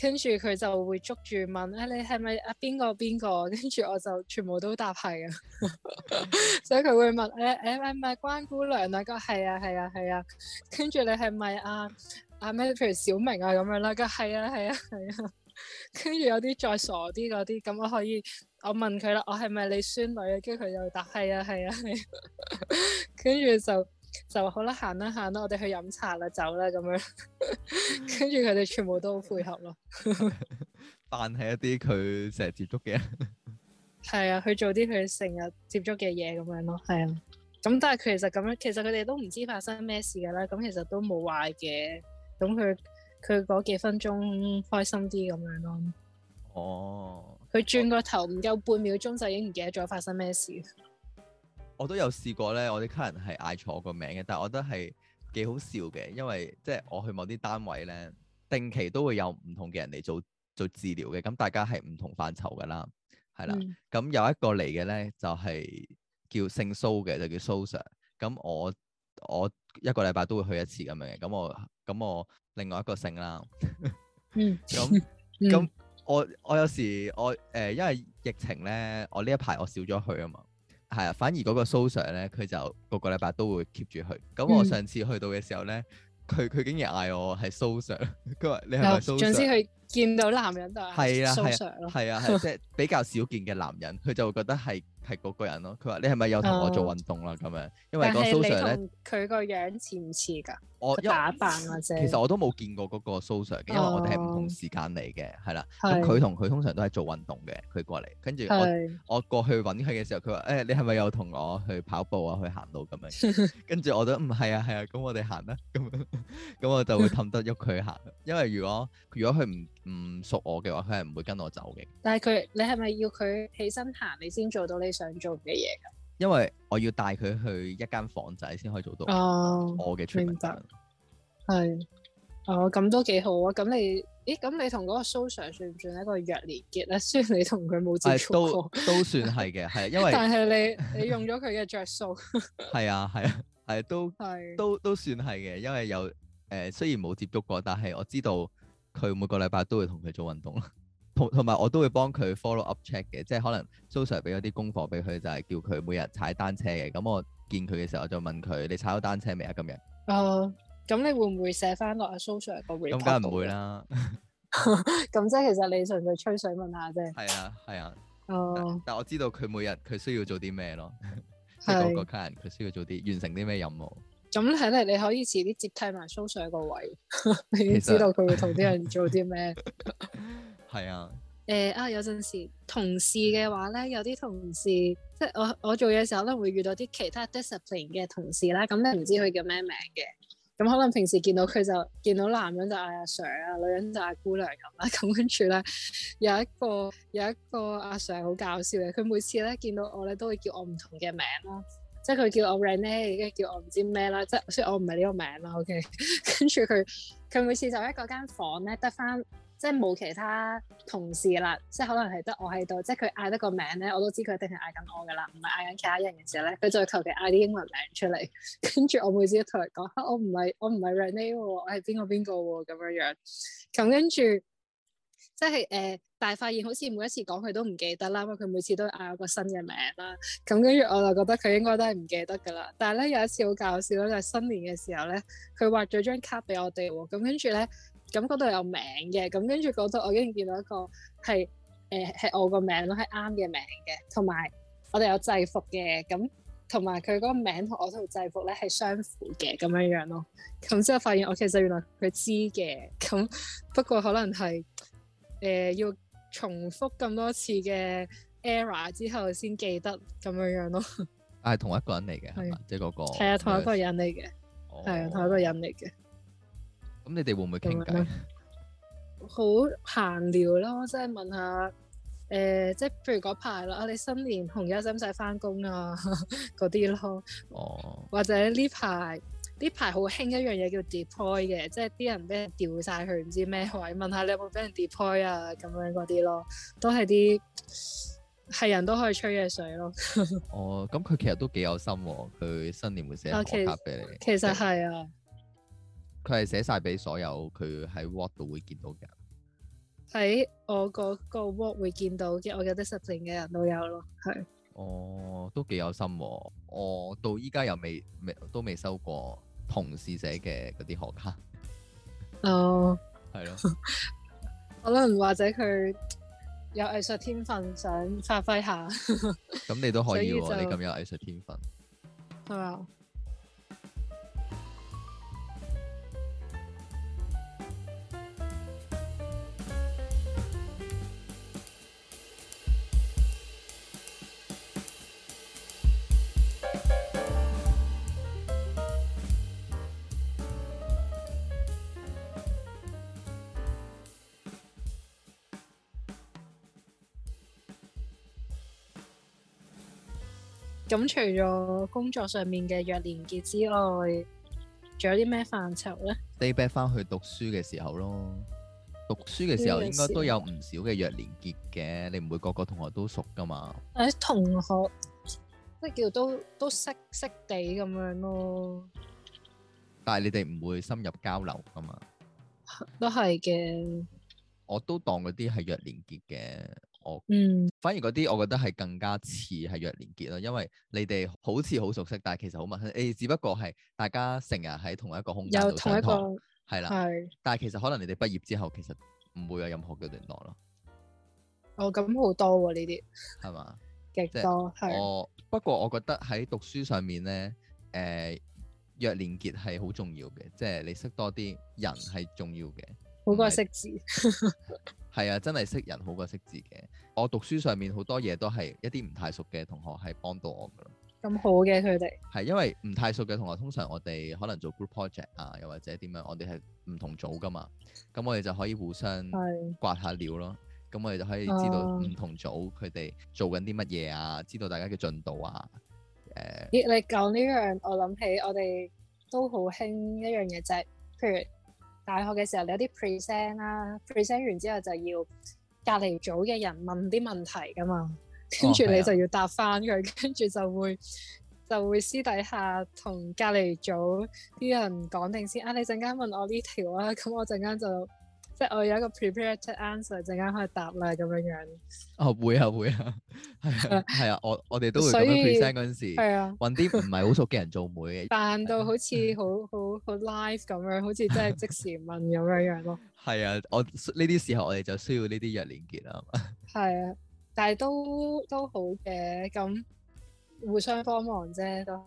跟住佢就會捉住問、哎、是是啊，你係咪啊邊個邊個？跟住我就全部都答係啊， 所以佢會問咧，誒、哎、誒，係、哎、咪關姑娘啊？個係啊係啊係啊，跟住、啊啊啊啊、你係咪啊阿咩譬如小明啊咁樣啦？個係啊係啊係啊。跟住有啲再傻啲嗰啲，咁我可以我問佢啦，我係咪你孫女啊？跟住佢就答係啊係啊係，跟住就就話好啦，行啦行啦，我哋去飲茶啦，走啦咁樣。跟住佢哋全部都好配合咯。 但係一啲佢成日接觸嘅人，係 啊，去做啲佢成日接觸嘅嘢咁樣咯，係啊。咁但係其實咁樣，其實佢哋都唔知發生咩事噶啦。咁其實都冇壞嘅，咁佢。佢嗰幾分鐘開心啲咁樣咯。哦，佢轉個頭唔夠半秒鐘我就已經唔記得咗發生咩事。我都有試過咧，我啲客人係嗌錯個名嘅，但係我覺得係幾好笑嘅，因為即係我去某啲單位咧，定期都會有唔同嘅人嚟做做治療嘅。咁大家係唔同範疇噶啦，係啦。咁、嗯、有一個嚟嘅咧就係、係、叫姓蘇嘅，就叫蘇 Sir。咁我我一個禮拜都會去一次咁樣嘅。咁我咁我。另外一個姓啦， 嗯，咁咁、嗯、 我我有時我誒、呃，因為疫情咧，我呢一排我少咗去啊嘛，係啊，反而嗰個 So Sir 咧，佢就個個禮拜都會 keep 住去。咁我上次去到嘅時候咧，佢佢、嗯、竟然嗌我係 So Sir，佢話你係咪 So Sir？又總之佢見到男人就係 So Sir 咯，係啊係啊，即係比較少見嘅男人，佢就會覺得係。係嗰個人咯，佢話你係咪有同我做運動啦咁樣？哦、因為個 Sosa 咧，佢個樣似唔似㗎？我打扮啊，即其實我都冇見過嗰個 Sosa 嘅、哦，因為我哋係唔同時間嚟嘅，係啦。佢同佢通常都係做運動嘅，佢過嚟，跟住我的我過去揾佢嘅時候，佢話：誒、哎、你係咪有同我去跑步啊？去行路咁、啊 嗯、樣。跟住我都唔係啊，係啊，咁我哋行啦。咁咁我就會氹得喐佢行，因為如果如果佢唔唔熟我嘅話，佢係唔會跟我走嘅。但係佢，你係咪要佢起身行，你先做到呢？想做嘅嘢噶，因為我要帶佢去一間房仔先可以做到。哦，我嘅明白，係哦，咁都幾好啊。咁你，咦，咁你同嗰個蘇 Sir 算唔算係一個弱連結咧？雖然你同佢冇接觸過都，都算係嘅，係 因為但係你你用咗佢嘅着數，係啊係啊係都係的都都，都算係嘅，因為有誒、呃、雖然冇接觸過，但係我知道佢每個禮拜都會同佢做運動啦。同同埋我都會幫佢 follow up check 嘅，即係可能蘇 sir 俾咗啲功課俾佢，就係、是、叫佢每日踩單車嘅。咁我見佢嘅時候，我就問佢：你踩咗單車未啊？今日。誒、哦，咁你會唔會寫翻落阿蘇 sir 個 report？咁梗唔會啦。咁 即係其實你純粹吹水問下啫。係啊，係啊。哦但，但我知道佢每日佢需要做啲咩咯。即係是 個 client 佢需要做啲完成啲咩任務。咁睇嚟你可以遲啲接替埋 你也蘇 sir 個位，你知道佢會同啲人做啲咩。係啊，誒、欸、啊有陣時同事嘅話咧，有啲同事即係我我做嘢時候可能會遇到啲其他 discipline 嘅同事啦，咁你唔知佢叫咩名嘅，咁、嗯、可能平時見到佢就見到男人就嗌阿 Sir 啊，女人就嗌姑娘咁啦，咁跟住咧有一個有一個阿 Sir 好搞笑嘅，佢每次咧見到我咧都會叫我唔同嘅名啦，即係佢叫我 Renee，跟住叫我唔知咩啦，即係雖然我唔係呢個名啦，OK， 跟住佢佢每次就喺嗰間房咧得翻。即係冇其他同事啦，即係可能係得我喺度，即係佢嗌得個名咧，我都知佢一定係嗌緊我噶啦，唔係嗌緊其他人嘅時候咧，佢就求其嗌啲英文名出嚟，跟住我每次都同佢講，我唔係我唔係 Renie 喎，我係邊個邊個喎咁樣樣，咁跟住即係誒、呃，但係發現好似每一次講佢都唔記得啦，因為佢每次都嗌個新嘅名啦，咁跟住我就覺得佢應該都係唔記得噶啦。但係咧有一次好搞笑咧，就係、是、新年嘅時候咧，佢畫咗張卡俾我哋喎，咁跟住咧。咁嗰度有名嘅，咁跟住嗰度我已經見到一個係誒係我個名咯，係啱嘅名嘅，同埋我哋有制服嘅，咁同埋佢嗰個名同我套制服咧係相符嘅咁樣樣咯。咁之後發現我其實原來佢知嘅，咁不過可能係誒、呃、要重複咁多次嘅 error 之後先記得咁樣樣咯。係、啊、同一個人嚟嘅，即係嗰個係啊，同一個人嚟嘅，係、oh. 同一個人嚟嘅。咁你哋會唔會傾偈、嗯？好閒聊咯，即係問下誒、呃，即係譬如嗰排啦，我、啊、哋新年紅友使唔使翻工啊？嗰 啲咯，哦、或者呢排呢排好興一樣嘢叫 deploy 嘅，即係啲人俾人調晒去唔知咩位，問下你有冇俾人 deploy 啊？咁樣嗰啲咯，都係啲係人都可以吹嘅水咯。 哦，咁佢其實都幾有心喎，佢新年會寫啲卡片俾你、哦。其實係啊。佢係寫晒俾所有佢喺 Word 度會見到嘅，喺我嗰個 Word 會見到嘅，我有啲實證嘅人都有咯，係、哦。哦，都幾有心。我到依家又未未都未收過同事寫嘅嗰啲賀卡。哦，係咯的， 可能或者佢有藝術天， 天分，想發揮下。咁你都可以喎，你咁有藝術天分。係啊。咁除咗工作上面嘅弱連結之外，仲有啲咩範疇咧？day back 翻去讀書嘅時候咯，讀書嘅時候應該都有唔少嘅弱連結嘅。你唔會個個同學都熟噶嘛？誒，同學即係叫都都識識地咁樣咯。但係你哋唔會深入交流噶嘛？都係嘅。我都當嗰啲係弱連結嘅。我嗯，反而嗰啲我覺得係更加似係弱連結咯，因為你哋好似好熟悉，但係其實好陌生。誒，只不過係大家成日喺同一個空間上上有同一個係啦。係是，但係其實可能你哋畢業之後，其實唔會有任何嘅聯絡咯。哦，咁好多呢啲係嘛，吧極多係。即是我不過我覺得喺讀書上面咧，誒、呃，弱連結係好重要嘅，即係你識多啲人係重要嘅。好過識字。是 係啊，真係識人好過識字嘅。我讀書上面好多嘢都係一啲唔太熟嘅同學係幫到我㗎咯。咁好嘅佢哋係因為唔太熟嘅同學，通常我哋可能做 group project 啊，又或者點樣，我哋係唔同組㗎嘛。咁我哋就可以互相刮下料咯。咁是我哋就可以知道唔同組佢哋做緊啲乜嘢啊，知道大家嘅進度啊。誒，yeah，你講呢樣，我諗起我哋都好興一樣嘢就係，譬如。大學嘅時候，你有啲 present 啦，present 完之後就要隔離組嘅人問啲問題㗎嘛，跟住、哦、你就要答返佢，跟住的就會就會私底下同隔離組啲人講定先啊，你陣間問我呢條啊，咁我陣間就。即係我有一個 prepared answer，陣間可以答啦咁樣樣。哦會啊會啊，係啊係啊，我我哋都會咁樣 present 嗰陣時，係啊，揾啲唔係好熟嘅人做媒嘅，扮到好似好好好 live 咁樣，好似真係即時問咁樣樣咯。係啊，我呢啲時候我哋就需要呢啲弱連結啦，係啊，但係都都好嘅，咁互相幫忙啫，都係。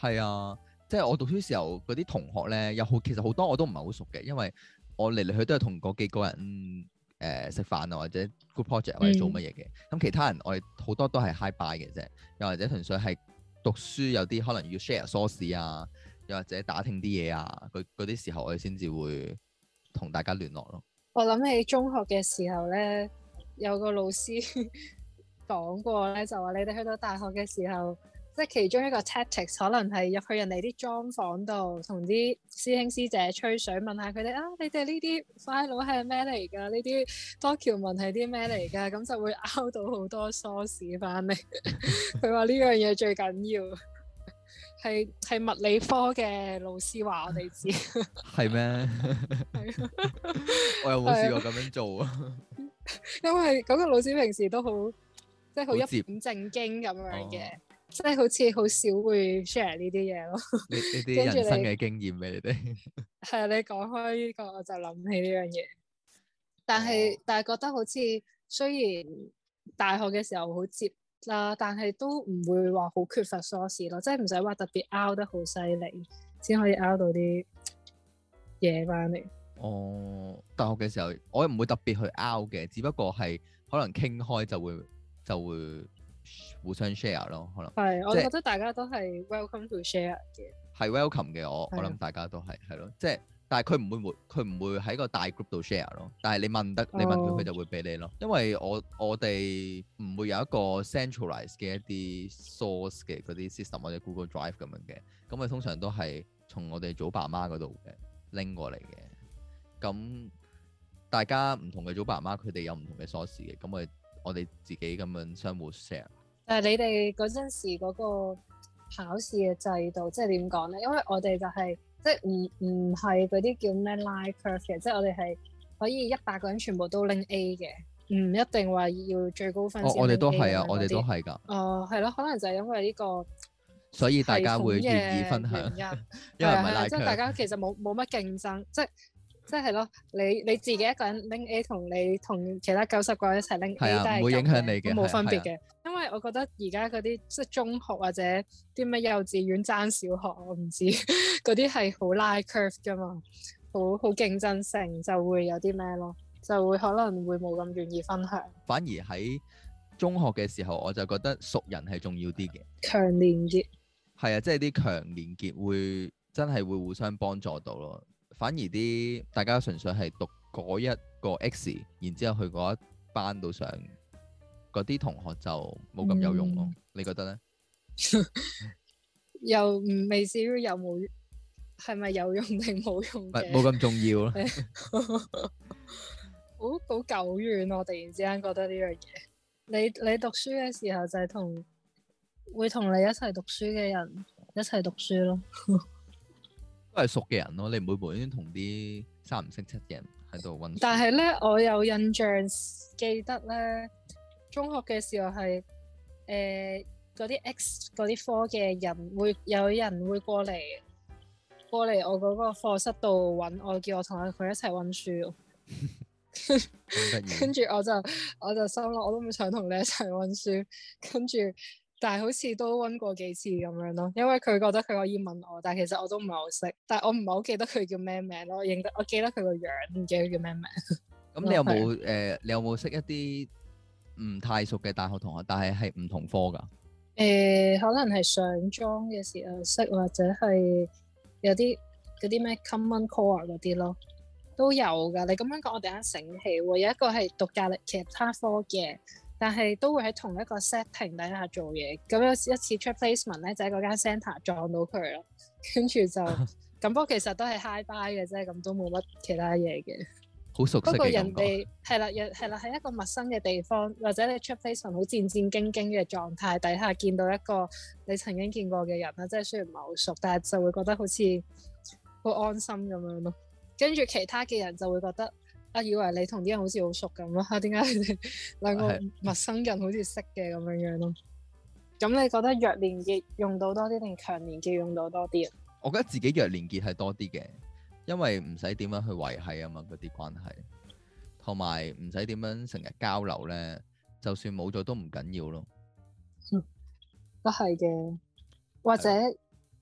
係啊，即係我讀書時候嗰啲同學咧，有好其實好多我都唔係好熟嘅，因為。我嚟嚟去，都係同嗰幾個人誒食、呃、飯啊，或者 good project，或者做乜嘢嘅。咁、嗯、其他人我哋好多都係 hi bye 嘅啫，又或者純粹係讀書有啲可能要 share source 啊，又或者打聽啲嘢啊，嗰啲時候我哋先至會同大家聯絡咯。我諗起中學嘅時候咧，有個老師講 過咧，就話你哋去到大學嘅時候。即係其中一個 tactics，可能係入去人哋啲莊房度，同啲師兄師姐吹水，問下佢哋啊，你哋呢啲 file 係咩嚟㗎？呢啲多橋文係啲咩嚟㗎？咁就會 out 到好多 source 翻嚟。佢話呢樣嘢最緊要，係係物理科嘅老師話我哋知。係咩？我有冇試過咁樣做啊？ 因為嗰個老師平時都好接，即係好一本正經咁樣嘅。哦即係好似好少會 share 呢啲嘢咯，呢啲人生嘅經驗俾 你哋。係啊， 你講開呢、這個，我就諗起呢樣嘢。但係、嗯、但係覺得好似雖然大學嘅時候好接啦，但係都唔會話好缺乏疏事咯，即係唔使話特別 out 得好犀利先可以 out 到啲嘢翻嚟。哦、呃，大學嘅時候，我又唔會特別去 out 嘅，只不過係可能傾開就會就會。就會互相 share 咯，可能係，是即我覺得大家都係 welcome to share 嘅，係 welcome 嘅，我的我諗大家都係係咯，即係，但係佢唔會會，佢唔會喺個大 group 度 share 咯，但係你問得，你問佢，佢、哦、就會俾你咯，因為我我哋唔會有一個 centralized 嘅一啲 source 嘅嗰啲 system 或者 Google Drive 咁樣嘅，咁佢通常都係從我哋祖爸媽嗰度拎過嚟嘅，咁大家唔同嘅祖爸媽佢哋有唔同嘅 source 嘅，咁我我哋自己咁樣相互 share。誒，你哋嗰陣時嗰個考試嘅制度，即係點講咧？因為我哋就係即係唔唔係嗰啲叫咩拉 curve 嘅，即係我哋係可以一百個人全部都拎 A 嘅，唔一定話要最高分。我哋都係啊，我哋都係㗎。哦，係咯，可能就係因為呢個，所以大家會願意分享，因為唔係即係大家其實冇冇乜競爭，即係。即係咯，你、 就是，你自己一個人拎 A，同你同其他九十個人一齊拎 A，都係唔會影響你嘅，冇分別嘅。啊啊、因為我覺得而家嗰啲即係中學或者啲咩幼稚園爭小學，我唔知嗰啲係好拉 curve 㗎嘛，好好競爭性就會有啲咩咯，就會可能會冇咁願意分享。反而喺中學嘅時候，我就覺得熟人係重要啲嘅， 強連結。係啊，即係啲強連結會真係會互相幫助到咯。反而啲大家純粹係讀嗰一個 X，然之後去嗰一班度上，嗰啲同學就冇咁有用咯。嗯、你覺得咧？ 又唔未至於有冇？係咪有用定冇用？冇咁重要咯。好 好 久遠，我突然之間覺得呢樣嘢。你你讀書嘅時候就係同會同你一齊讀書嘅人一齊讀書咯。 都係熟嘅人咯，你唔會唔會同啲三唔識七嘅人喺度溫？但係咧，我有印象記得咧，中學嘅時候係誒嗰啲 X 嗰啲科嘅人會有人會過嚟過嚟我嗰個課室度搵我，叫我同佢佢一齊溫書。好得意！跟住我就我就心諗，我都唔想同你一齊溫書，跟住。但係好似都問過幾次咁樣咯，因為佢覺得佢可以問我，但係其實我都唔係好識，但係我唔係好記得佢叫咩名咯，認得我記得佢個樣，唔記得佢叫咩名。咁你有冇誒的、呃？你有冇識一啲唔太熟嘅大學同學？但係係唔同科㗎。誒、欸，可能係上莊嘅時候識，或者係有啲啲咩 common core 嗰啲咯，都有㗎。你咁樣講，我突然間醒起，有一個係讀格力其他科嘅。但係都會喺同一個 setting 底下做嘢，咁有一次出 placement 咧就喺、是、嗰間 center 撞到佢咯，跟住就咁。 不過其實都係 high five 嘅啫，咁都冇乜其他嘢嘅。好熟。不過人哋係啦，係啦，喺一個陌生嘅地方，或者你出 placement 好戰戰兢兢嘅狀態底下，見到一個你曾經見過嘅人啦，即係雖然唔係好熟，但係就會覺得好似好安心咁樣咯。跟住其他嘅人就會覺得。啊，以為你同啲人好似好熟咁咯？嚇、啊，點解你哋兩個陌生人好似識嘅咁樣樣咯？咁是你覺得弱連結用到多啲定強連結用到多啲啊？我覺得自己弱連結係多啲嘅，因為唔使點樣去維係啊嘛，嗰啲關係，同埋唔使點樣成日交流咧，就算冇咗都唔緊要咯。嗯，都係嘅。或者的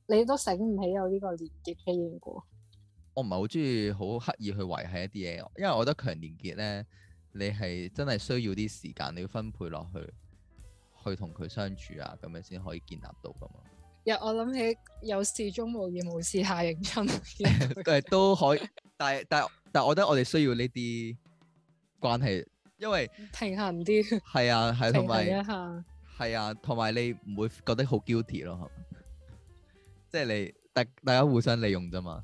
你都醒唔起有呢個連結嘅經驗過？我唔係好中意好刻意去維係一啲嘢，因為我覺得強連結咧，你係真係需要啲時間，你要分配落去去同佢相處啊，咁樣先可以建立到噶嘛。又我諗起有事中無言，無事下認真，誒 都可以。但係但係但係，我覺得我哋需要呢啲關係，因為平衡啲係啊，係同埋係啊，同埋、啊啊、你唔會覺得好 guilty 咯，即 係你大大家互相利用啫嘛。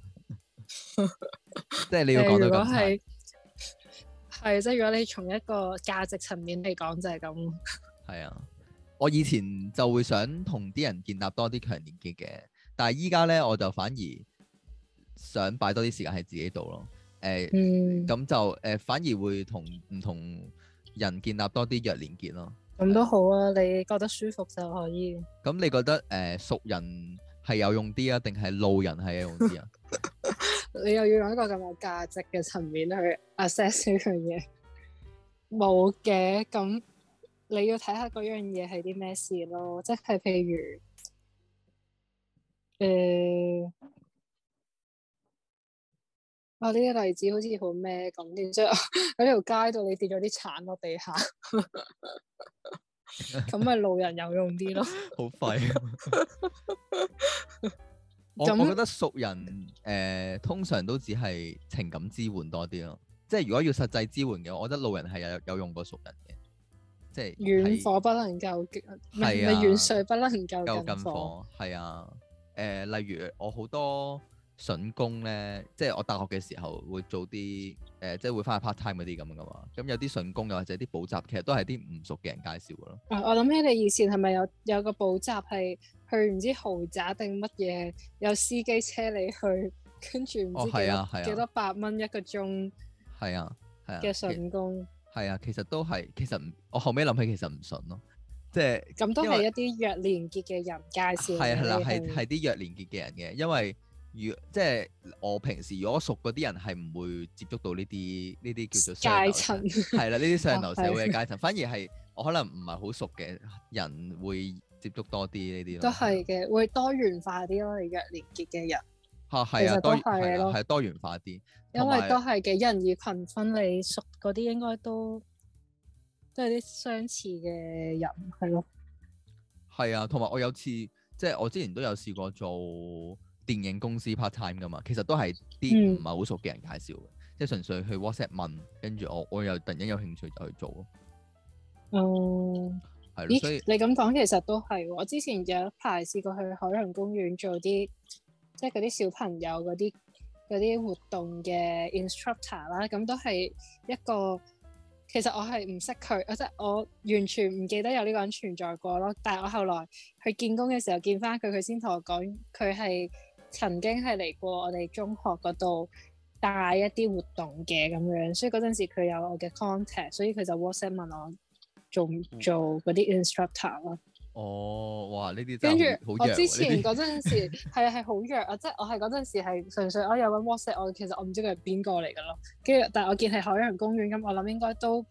即係你要講到咁，係即係如果你從一個價值層面嚟講就係咁。係啊，我以前就會想同啲人建立多啲強連結嘅，但係依家咧我就反而想擺多啲時間喺自己度咯。誒、呃、咁、嗯、就誒、呃、反而會同唔同人建立多啲弱連結咯。咁都好啊，啊你覺得舒服就可以。咁你覺得誒、呃、熟人係有用啲啊，定係路人係有用啲啊？ 你又要用一個咁有價值嘅層面去 assess 呢樣嘢？冇 嘅，咁你要睇下嗰樣嘢係啲咩事咯，即係譬如誒，我呢啲例子好似好咩咁嘅，即係喺條街度你跌咗啲橙落地下，咁 咪 路人有用啲咯？好 廢的。 我，我覺得熟人誒、呃、通常都只係情感支援多啲咯，即係如果要實際支援嘅，我覺得路人係有有用過熟人嘅，即係遠火不能夠近，唔係遠水不能夠救近火，係啊，誒、呃、例如我好多。筍工咧，即係我大學嘅時候會做啲誒，即係會翻去 part time 嗰啲咁樣噶嘛。咁有啲筍工又或者啲補習，其實都係啲唔熟嘅人介紹嘅咯。我諗起你以前係咪有有個補習係去唔知豪宅定乜嘢，有司機車你去，跟住唔知幾多幾多百蚊一個鐘？係啊，係啊嘅筍工。係啊，其實都係，其實唔我後尾諗起其實唔順咯，即係咁都係一啲弱連結嘅人介紹。係係啦，係係啲弱連結嘅人嘅，因為。如即係我平時如果熟嗰啲人係唔會接觸到呢啲，呢啲叫做階層係啦，呢啲上流社會嘅階層， 反而係我可能唔係好熟嘅人會接觸多啲呢啲咯。都係嘅，會多元化啲咯，弱連結嘅人嚇係啊，多係咯，係多元化啲，因為都係嘅，人以群分，你熟嗰啲應該都即係啲相似嘅人，係咯，係啊，同埋我有次即係我之前都有試過做。電影公司 part time 㗎嘛，其實都係啲唔係好熟嘅人介紹嘅，即係純粹去 WhatsApp 問，跟住我我又突然間有興趣就去做咯。嗯，係咯，所以你咁講其實都係，我之前有一排試過去海洋公園做啲，即係嗰啲小朋友嗰啲嗰啲活動嘅 instructor 啦，咁都係一個，其實我係唔識佢，即係我完全唔記得有呢個人存在過咯。但係我後來去見工嘅時候見返佢，佢先同我講佢係。曾經係嚟過我哋中學嗰度帶一啲活動嘅咁樣，所以嗰陣時佢有我嘅 contact，所以佢就 WhatsApp 問我做唔做嗰啲 instructor 咯。哦，哇！呢啲跟住我之前嗰陣時係係好弱啊，即係我係嗰陣時係這些、 就是、純粹我有個 WhatsApp，我其實我唔知佢係邊個嚟噶咯。跟住但係我見係海洋公園咁，我諗應該都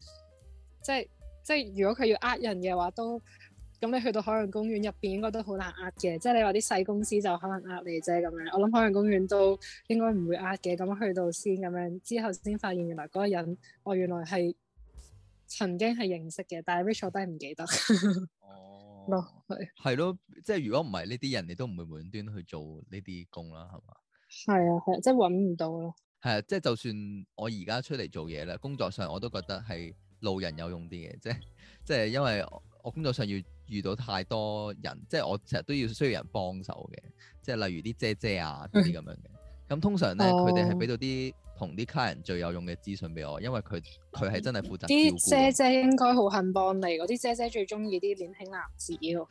即係即係如果佢要呃人嘅話都。咁你去到海洋公園入邊應該都好難呃嘅，即係你話啲細公司就可能呃你啫咁樣。我諗海洋公園都應該唔會呃嘅。咁去到先咁樣，之後先發現原來嗰個人，我原來係曾經係認識嘅，但係 recall 都係唔記得。哦，落係咯，即係的的如果唔係呢啲人，你都唔會無端端去做呢啲工啦，係嘛？係啊，係啊，即係揾唔到咯。係啊，即係就算我而家出嚟做嘢啦，工作上我都覺得係路人有用啲嘅，即係即係因為我工作上要。遇到太多人，即係我成日都要需要人幫手嘅，即係例如啲姐姐啊啲咁樣嘅。咁 通常咧，佢哋係俾到啲同啲 client 最有用嘅資訊俾我，因為佢佢係真係負責。啲姐姐應該好恨幫你，嗰啲姐姐最中意啲年輕男子咯，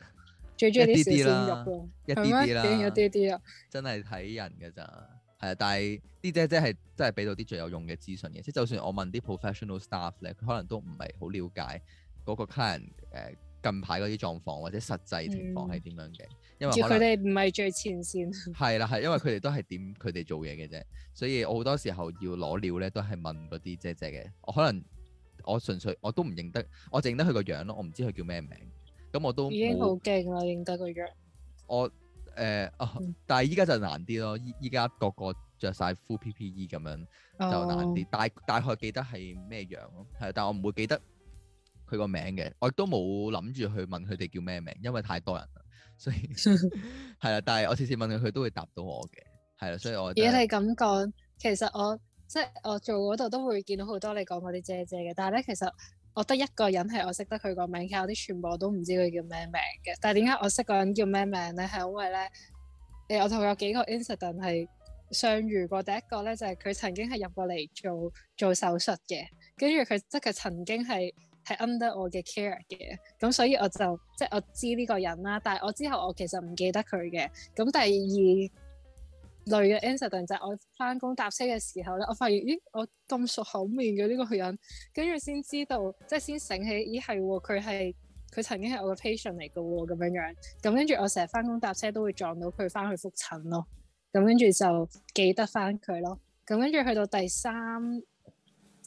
最中意啲小鮮肉咯，一啲啲啦，嗎一啲啲啦，真係睇人㗎咋，係啊，但係啲姐姐係真係俾到啲最有用嘅資訊嘅，即係就算我問啲 professional staff 咧，佢可能都唔係好了解嗰個 client 近排嗰啲狀況或者實際情況係點樣嘅？嗯、因為佢哋唔係最前線。係啦，係因為佢哋都係點佢哋做嘢嘅啫，所以我好多時候要攞料咧，都係問嗰啲姐姐嘅。我可能我純粹我都唔認得，我就認得佢個樣咯，我唔知佢叫咩名。咁我都已經好勁啦，認得個樣我、呃哦、個、個樣。我誒，但係依家就難啲咯。依家個個着晒 full PPE 咁樣就難啲，大大概記得係咩樣咯，係，但我唔會記得。佢個名嘅，我亦都冇諗住去問佢哋叫咩名，因為太多人啦，所以係啦。 但係我次次問佢，佢都會答到我嘅，係啦。所以我如果你咁講，其實我即係我做嗰度都會見到好多你講嗰啲姐姐嘅。但係咧，其實我得一個人係我識得佢個名，其他啲全部我都唔知佢叫咩名嘅。但係點解我識嗰個人叫咩名咧？係因為咧，誒，我同有幾個 incident 係相遇過。第一個咧就係、是、佢曾經係入過嚟做做手術嘅，跟住佢即係曾經係。係 under 我嘅 care 嘅，咁所以我就即係我知呢個人啦。但係我之後我其實唔記得佢嘅。咁第二類嘅 incident 就係我翻工搭車嘅時候咧，我發現，咦，我咁熟口面嘅呢個人，跟住先知道即係先醒起咦係喎，佢係佢曾經係我嘅 patient 嚟嘅喎咁樣樣。咁跟住我成日翻工搭車都會撞到佢翻去覆診咯。咁跟住就記得翻佢咯。咁跟住去到第三。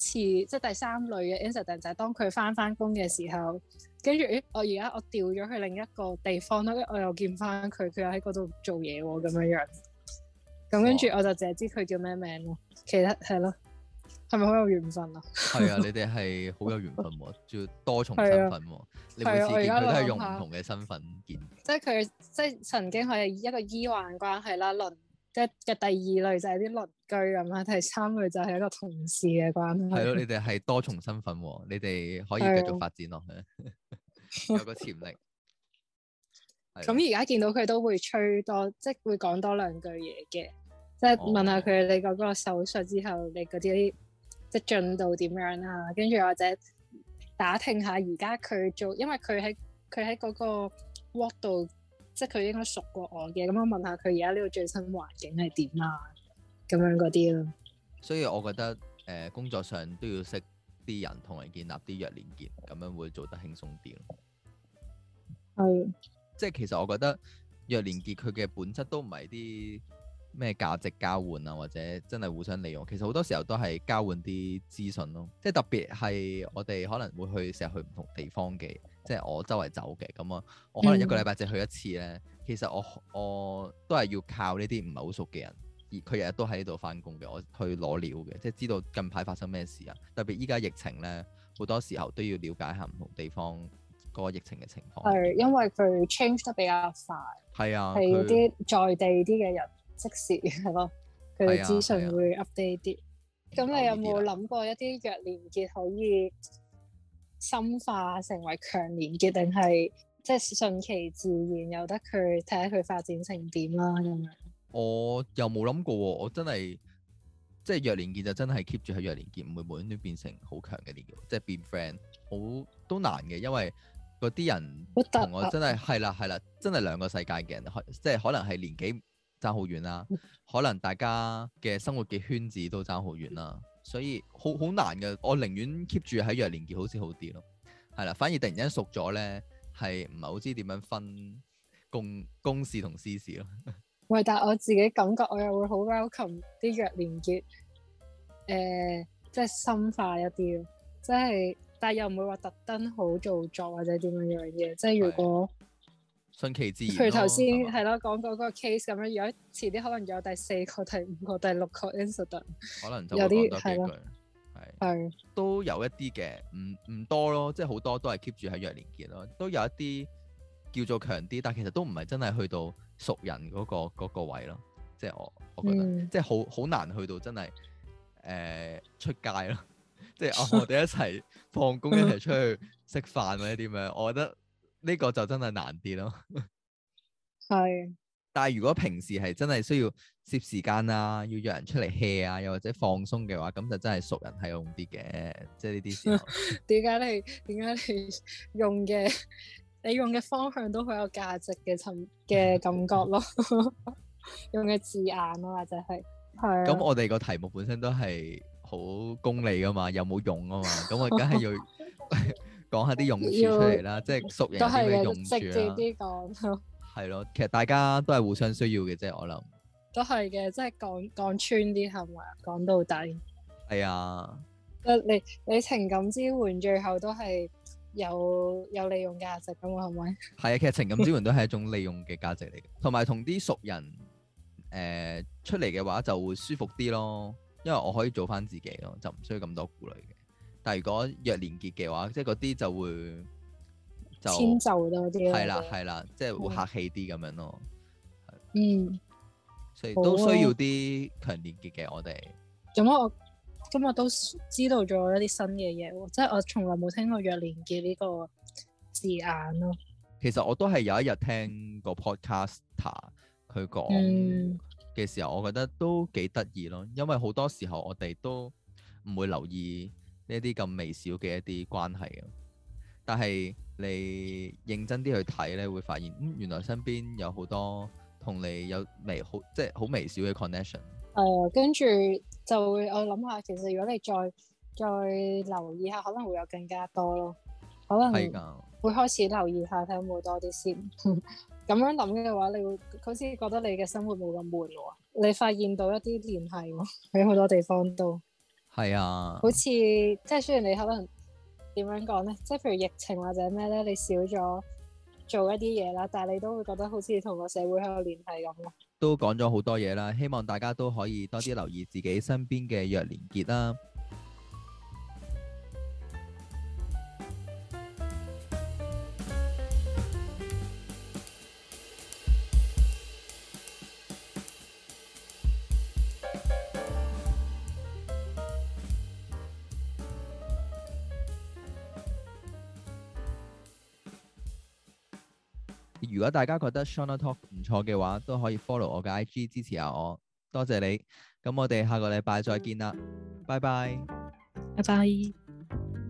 似即係第三類嘅 incident，就係當佢翻返工嘅時候，跟住我而家我調咗去另一個地方咯，我又見翻佢，佢又喺嗰度做嘢喎，咁樣樣。咁跟住我就凈係知佢叫咩名咯，其他係咯，係咪好有緣分啊？係啊，你哋係好有緣分喎，仲要 多重身份喎， 啊，你每次見佢，啊，現在 都係用唔同嘅身份見在在。即係佢，即係曾經係一個醫患關係啦，嘅嘅第二類就係啲鄰居咁樣，第三類就係一個同事嘅關係。係咯，你哋係多重身份喎，你哋可以繼續發展落去，的 有個潛力。咁而家見到佢都會吹多，即係會講多兩句嘢嘅，即係問下佢你嗰個手術之後，你嗰啲即係進度點樣呀，跟住或者打聽下而家佢做，因為佢喺佢喺嗰個 work 度。即係佢應該熟過我嘅，咁我問下佢而家呢個最新環境係點啊？咁樣嗰啲咯。所以我覺得誒、呃、工作上都要識啲人，同埋建立啲弱連結，咁樣會做得輕鬆啲咯。係是。即係其實我覺得弱連結佢嘅本質都唔係啲咩價值交換啊，或者真係互相利用。其實好多時候都係交換啲資訊咯。即係特別係我哋可能會去成日去唔同地方嘅。即係我周圍走嘅咁啊，我可能一個禮拜凈去一次咧。嗯、其實我我都係要靠呢啲唔係好熟嘅人，而佢日日都喺度翻工嘅，我去攞料嘅，即係知道近排發生咩事啊。特別依家疫情咧，好多時候都要了解下唔同地方嗰個疫情嘅情況。係，因為佢 change 得比較快。係啊。係啲在地啲嘅人，即時係咯，佢嘅資訊、啊啊、會 update 啲。咁你有冇諗過一啲弱連結可以深化成為強連結，定係即係順其自然，由得佢睇下佢發展成點啦咁樣。我又冇諗過，我真係即係弱連結就真係 keep 住喺弱連結，唔會冇端端變成好強嘅連結，即係變 friend，好都難嘅，因為嗰啲人同我真係係 啦係啦，啦，真係兩個世界嘅人，即係可能係年紀差好遠啦， 可能大家嘅生活嘅圈子都差好遠啦。所以好好難嘅，我寧願 keep 住喺弱連結好似好啲咯，係啦，反而突然間熟咗咧，係唔係好知點樣分公公事同私事咯？喂，但係我自己感覺我又會好 welcome 啲弱連結，誒、呃，即係深化一啲咯，即係但係又唔會話特登好做作或者點樣樣嘢，即係如果。順其自然。譬如頭先係咯講嗰個 case 咁樣，如果遲啲可能有第四個、第五個、第六個 incident 可能就多幾句有啲係咯，係係的的都有一啲嘅，唔、嗯、唔多咯，即係好多都係 keep 住喺弱連結咯，都有一啲叫做強啲，但其實都唔係真係去到熟人嗰、嗰個嗰個位咯，即係我我覺得、嗯、即係好好難去到真係誒、呃、出街咯，即係、哦、 我哋一齊放工一齊出去食飯或者點樣，我覺得。 呢個就真係難啲咯 是，係。但係如果平時係真係需要攝時間啦、啊，要約人出嚟 hea 啊，又或者放鬆嘅話，咁就真係熟人係用啲嘅，即係呢啲時候。點解 你點解你用嘅？你用嘅方向都好有價值嘅，尋嘅感覺咯。 用嘅字眼啊，或者係係。咁 是我哋個題目本身都係好功利噶嘛，有冇用啊嘛，咁我梗係要。 講下啲用處出嚟啦，要即係熟人啲嘅用處啦、啊。係咯，其實大家都係互相需要嘅啫，我諗。都係嘅，即係講講穿啲係咪？講到底。係啊、哎呀。你你情感支援最後都係有有利用價值噶嘛？係咪？係啊，其實情感支援都係一種利用嘅價值嚟嘅，同埋同啲熟人誒、呃、出嚟嘅話就會舒服啲咯，因為我可以做返自己咯，就唔需要咁多顧慮嘅。但如果弱連結嘅話，即係嗰啲就會就遷就多啲咯。係啦，係啦，即係會客氣啲咁樣咯。嗯，所以都需要啲強連結嘅我哋。咁我今日都知道咗一啲新嘅嘢喎，即係我從來冇聽過弱連結呢個字眼咯。其實我都係有一日聽個 podcaster 佢講嘅、嗯、時候，我覺得都幾得意咯，因為好多時候我哋都唔會留意。呢一啲咁微小嘅一啲關係啊，但係你認真啲去睇咧，會發現，嗯，原來身邊有好多同你有微好即係好微小嘅 connection。誒，跟住就會我諗下，其實如果你再再留意下，可能會有更加多咯，可能會開始留意下睇有冇多啲先。咁 樣諗嘅話，你會好似覺得你嘅生活冇咁悶喎、哦，你發現到一啲聯繫喎，喺 好多地方都。係啊，好似即係雖然你可能點樣講呢？即係譬如疫情或者咩呢？你少咗做一啲嘢啦，但係你都會覺得好似同個社會喺度聯繫咁咯。都講咗好多嘢啦，希望大家都可以多啲留意自己身邊嘅弱連結啦。如果大家覺得 Shawna Talk 唔錯嘅話，都可以 follow 我嘅 IG 支持下我，多謝你。咁我哋下個禮拜再見啦，拜拜。Bye bye.